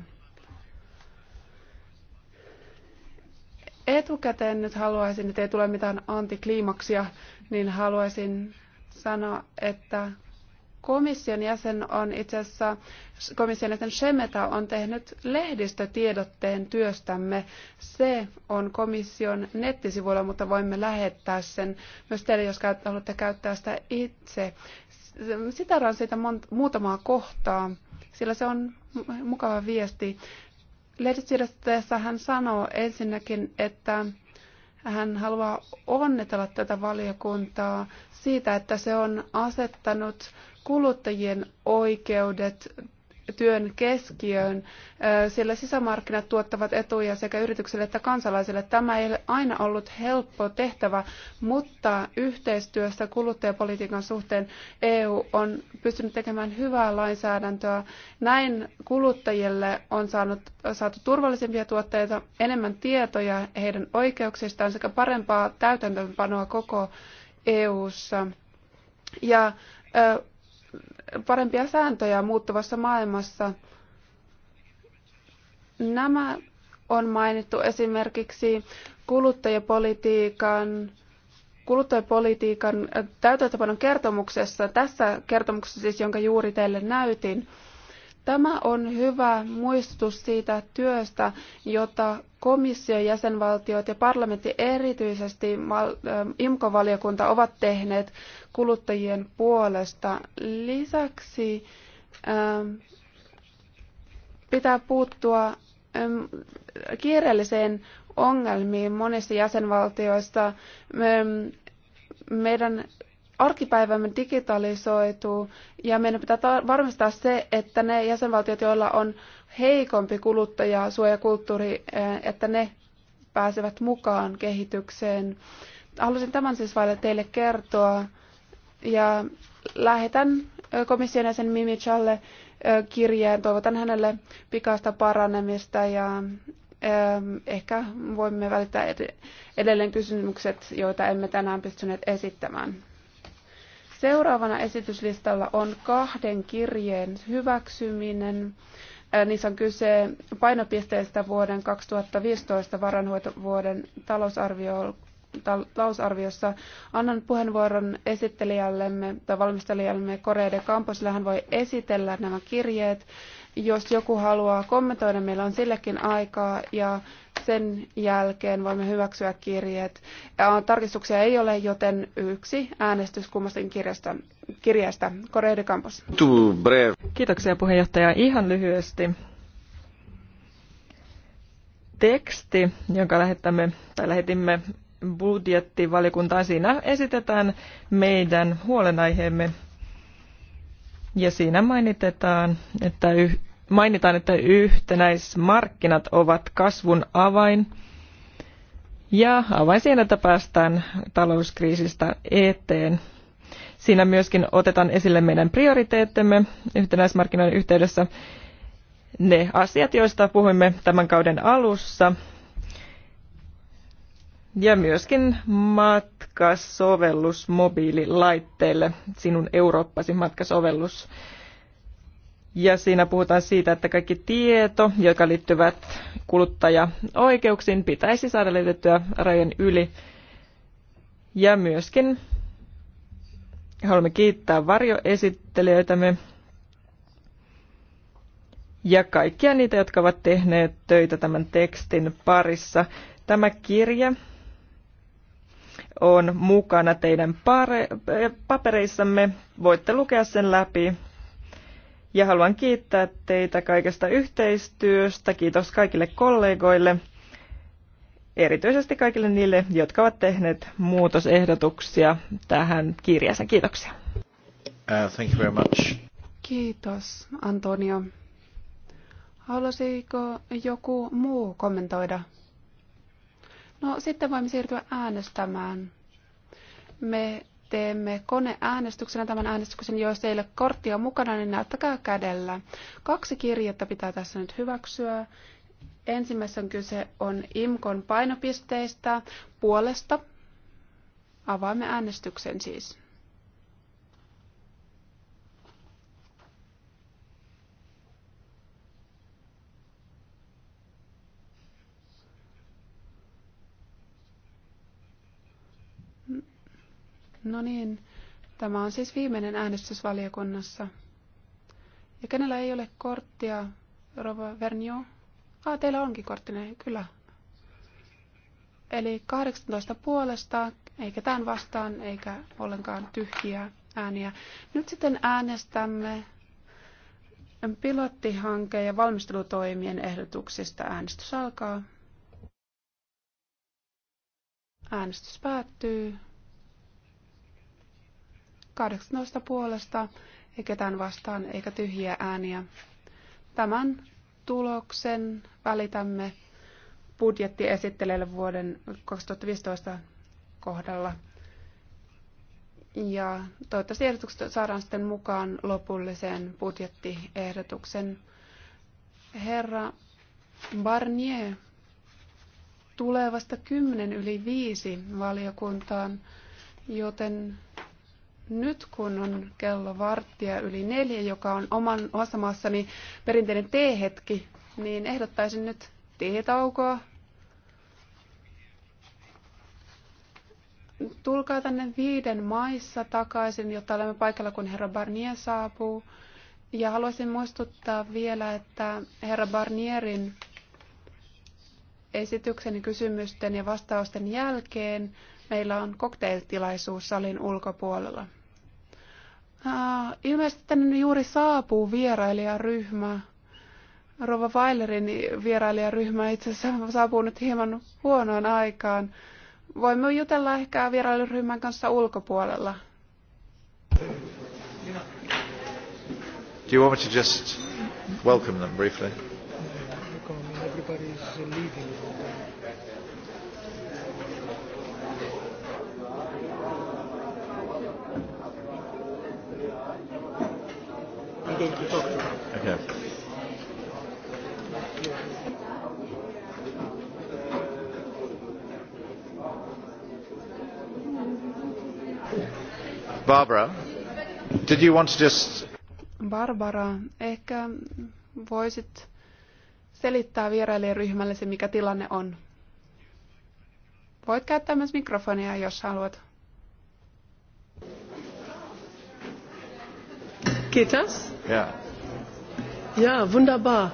Etukäteen nyt haluaisin, ettei tule mitään antikliimaksia, niin haluaisin sanoa, että komission jäsen on itse asiassa, komission jäsen Shemeta on tehnyt lehdistötiedotteen työstämme. Se on komission nettisivuilla, mutta voimme lähettää sen myös teille, jos haluatte käyttää sitä itse. Sitä on siitä muutamaa kohtaa, sillä se on mukava viesti. Lehdistötiedotteessa hän sanoo ensinnäkin, että hän haluaa onnitella tätä valiokuntaa siitä, että se on asettanut kuluttajien oikeudet työn keskiöön, sillä sisämarkkinat tuottavat etuja sekä yrityksille että kansalaisille. Tämä ei ole aina ollut helppo tehtävä, mutta yhteistyössä kuluttajapolitiikan suhteen EU on pystynyt tekemään hyvää lainsäädäntöä. Näin kuluttajille on saanut, saatu turvallisempia tuotteita, enemmän tietoja heidän oikeuksistaan sekä parempaa täytäntöönpanoa koko EU:ssa. Ja parempia sääntöjä muuttuvassa maailmassa. Nämä on mainittu esimerkiksi kuluttajapolitiikan, kuluttajapolitiikan täytäntöpanon kertomuksessa, tässä kertomuksessa siis, jonka juuri teille näytin. Tämä on hyvä muistutus siitä työstä, jota komissio, jäsenvaltiot ja parlamentti, erityisesti imco valiokunta ovat tehneet kuluttajien puolesta. Lisäksi pitää puuttua kiireelliseen ongelmiin monissa jäsenvaltioissa. Meidän arkipäivämme digitalisoituu ja meidän pitää varmistaa se, että ne jäsenvaltiot, joilla on heikompi kuluttajasuojakulttuuri, eh, että ne pääsevät mukaan kehitykseen. Halusin tämän siis vain teille kertoa ja lähetän eh, komission jäsen Mimichalle eh, kirjeen. Toivotan hänelle pikaista parannemista ja ehkä voimme välittää edelleen kysymykset, joita emme tänään pystyneet esittämään. Seuraavana esityslistalla on kahden kirjeen hyväksyminen. Niissä on kyse painopisteestä vuoden 2015 varanhoitovuoden talousarvio, talousarviossa. Annan puheenvuoron esittelijällemme tai valmistelijallemme Koreide Kampos. Hän voi esitellä nämä kirjeet. Jos joku haluaa kommentoida, meillä on sillekin aikaa ja sen jälkeen voimme hyväksyä kirjeet. Tarkistuksia ei ole, joten yksi äänestys kummastakin kirjasta, kirjasta. Korea de Campos. Kiitoksia puheenjohtaja. Ihan lyhyesti. Teksti, jonka lähettämme tai lähetimme budjettivaliokuntaan, siinä esitetään meidän huolenaiheemme ja siinä mainitetaan, että yh, mainitaan, että yhtenäismarkkinat ovat kasvun avain ja avain siinä, että päästään talouskriisistä eteen. Siinä myöskin otetaan esille meidän prioriteettemme yhtenäismarkkinoiden yhteydessä ne asiat, joista puhuimme tämän kauden alussa – ja myöskin matkasovellus mobiililaitteille, sinun Eurooppasi matkasovellus. Ja siinä puhutaan siitä, että kaikki tieto, joka liittyvät kuluttajaoikeuksiin, pitäisi saada levitettyä rajan yli. Ja myöskin haluamme kiittää varjoesittelijöitämme ja kaikkia niitä, jotka ovat tehneet töitä tämän tekstin parissa. Tämä kirja on mukana teidän papereissamme. Voitte lukea sen läpi. Ja haluan kiittää teitä kaikesta yhteistyöstä. Kiitos kaikille kollegoille, erityisesti kaikille niille, jotka ovat tehneet muutosehdotuksia tähän kirjaan. Kiitoksia. Uh, thank you very much. Kiitos, Antonio. Haluaisiko joku muu kommentoida No sitten voimme siirtyä äänestämään. Me teemme koneäänestyksenä tämän äänestyksen. Jos teille korttia on mukana, niin näyttäkää kädellä. Kaksi kirjettä pitää tässä nyt hyväksyä. Ensimmäisen kyse on IMKON painopisteistä puolesta. Avaamme äänestyksen siis. No niin, tämä on siis viimeinen äänestysvaliokunnassa. Ja kenellä ei ole korttia, Rova Vernio? Ah, teillä onkin korttinen, niin kyllä. Eli 18 puolesta, eikä tämän vastaan, eikä ollenkaan tyhjiä ääniä. Nyt sitten äänestämme pilottihanke- ja valmistelutoimien ehdotuksista. Äänestys alkaa. Äänestys päättyy. 18 puolesta, ei ketään vastaan eikä tyhjiä ääniä. Tämän tuloksen välitämme budjettiesittelijälle vuoden 2015 kohdalla. Ja toivottavasti ehdotukset saadaan sitten mukaan lopulliseen budjettiehdotuksen. Herra Barnier vasta 10 yli 5 valiokuntaan, joten nyt kun on kello varttia yli neljä, joka on oman omassa maassani perinteinen teehetki, niin ehdottaisin nyt teetaukoa. Tulkaa tänne viiden maissa takaisin, jotta olemme paikalla, kun herra Barnier saapuu. Ja haluaisin muistuttaa vielä, että herra Barnierin esityksen kysymysten ja vastausten jälkeen meillä on kokteiltilaisuus salin ulkopuolella ilmeisesti tänne juuri saapuu vierailijaryhmä. Rova Weilerin vierailijaryhmä itse asiassa saapuu nyt hieman huonoon aikaan. Voimme jutella ehkä vierailijaryhmän kanssa ulkopuolella. Do you want me to just welcome them briefly? Everybody is leaving. to talk to Okay. Barbara, did you want to just... Barbara, ehkä voisit selittää vierailijaryhmälle se, mikä tilanne on. Voit käyttää myös mikrofonia, jos haluat. Kiitos. Ja. Ja, wunderbar.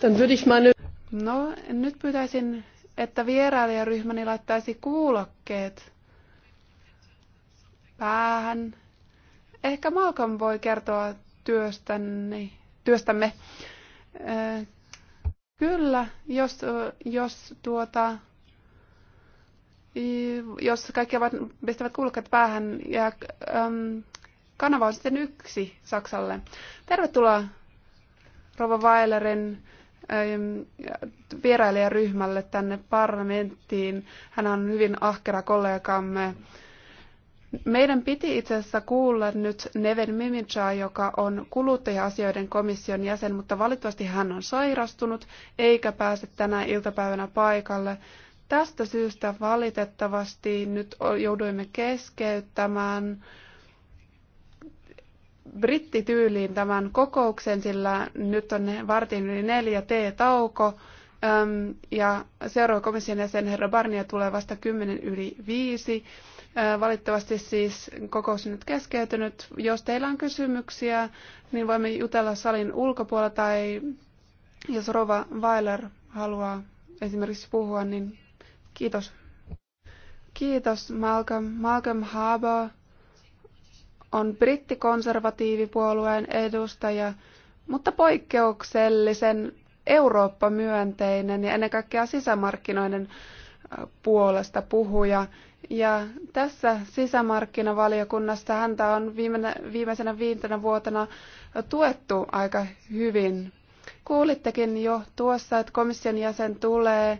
Dann würde ich meine... No, nyt pyytäisin, että vierailijaryhmäni laittaisi kuulokkeet päähän. Ehkä Malcolm voi kertoa työstäni, työstämme. Kyllä, jos, jos tuota, jos kaikki pistävät kuulokkeet päähän ja kanava on sitten yksi Saksalle. Tervetuloa Rova Weilerin ähm, vierailijaryhmälle tänne parlamenttiin. Hän on hyvin ahkera kollegamme. Meidän piti itse asiassa kuulla nyt Neven Mimicha, joka on kuluttaja-asioiden komission jäsen, mutta valitettavasti hän on sairastunut eikä pääse tänä iltapäivänä paikalle. Tästä syystä valitettavasti nyt jouduimme keskeyttämään brittityyliin tämän kokouksen, sillä nyt on vartin yli neljä T-tauko. Ja seuraava komission jäsen herra Barnia tulee vasta 10 yli 5. Valitettavasti siis kokous on nyt keskeytynyt. Jos teillä on kysymyksiä, niin voimme jutella salin ulkopuolella tai jos Rova Weiler haluaa esimerkiksi puhua, niin kiitos. Kiitos Malcolm, Malcolm Harbour on brittikonservatiivipuolueen edustaja, mutta poikkeuksellisen Eurooppa-myönteinen ja ennen kaikkea sisämarkkinoiden äh, puolesta puhuja. Ja tässä sisämarkkinavaliokunnassa häntä on viimeisenä viintenä vuotena tuettu aika hyvin. Kuulittekin jo tuossa, että komission jäsen tulee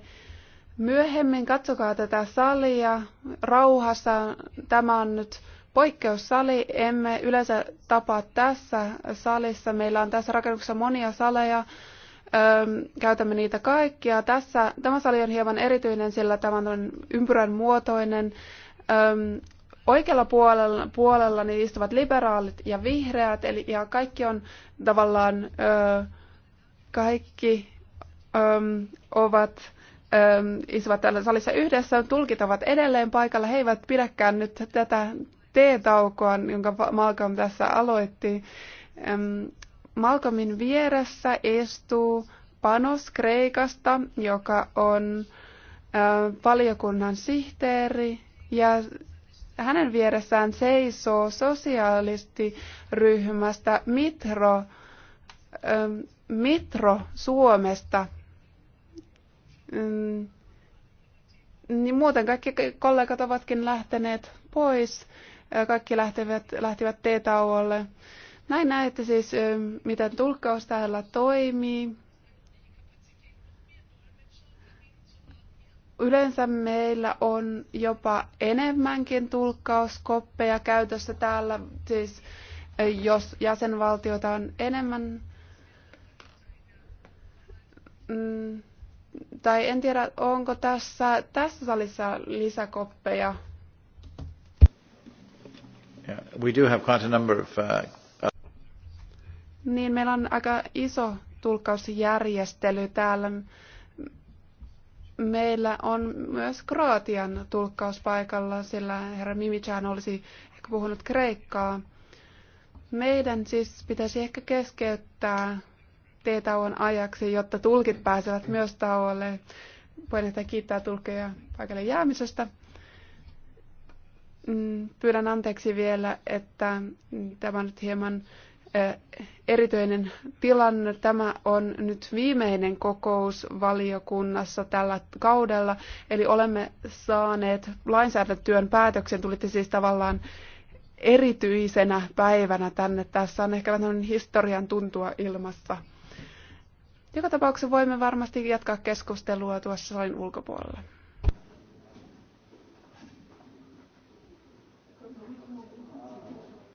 myöhemmin. Katsokaa tätä salia rauhassa. Tämä on nyt poikkeussali. Emme yleensä tapaa tässä salissa. Meillä on tässä rakennuksessa monia saleja. Öm, käytämme niitä kaikkia. Tässä, tämä sali on hieman erityinen, sillä tämä on ympyrän muotoinen. Öm, oikealla puolella, puolella niin istuvat liberaalit ja vihreät, eli ja kaikki on tavallaan, ö, kaikki ö, ovat istuvat täällä salissa yhdessä, tulkit ovat edelleen paikalla, he eivät pidäkään nyt tätä teetaukoa, jonka Malcolm tässä aloitti. Malcolmin vieressä istuu Panos Kreikasta, joka on valiokunnan sihteeri, ja hänen vieressään seisoo sosiaalistiryhmästä Mitro, Mitro Suomesta. Niin muuten kaikki kollegat ovatkin lähteneet pois kaikki lähtevät, lähtivät T-tauolle. Näin näette siis, miten tulkkaus täällä toimii. Yleensä meillä on jopa enemmänkin tulkkauskoppeja käytössä täällä, siis jos jäsenvaltiota on enemmän. Mm, tai en tiedä, onko tässä, tässä salissa lisäkoppeja we do have quite a number of, uh, uh... Niin, meillä on aika iso tulkkausjärjestely täällä. Meillä on myös Kroatian tulkkaus paikalla, sillä herra Mimichan olisi ehkä puhunut kreikkaa. Meidän siis pitäisi ehkä keskeyttää teetauon ajaksi, jotta tulkit pääsevät myös tauolle. Puheenjohtaja kiittää tulkkeja paikalle jäämisestä. Mm, pyydän anteeksi vielä, että tämä on nyt hieman erityinen tilanne. Tämä on nyt viimeinen kokous valiokunnassa tällä kaudella, eli olemme saaneet lainsäädäntötyön päätöksen. Tulitte siis tavallaan erityisenä päivänä tänne. Tässä on ehkä vähän historian tuntua ilmassa. Joka tapauksessa voimme varmasti jatkaa keskustelua tuossa salin ulkopuolella.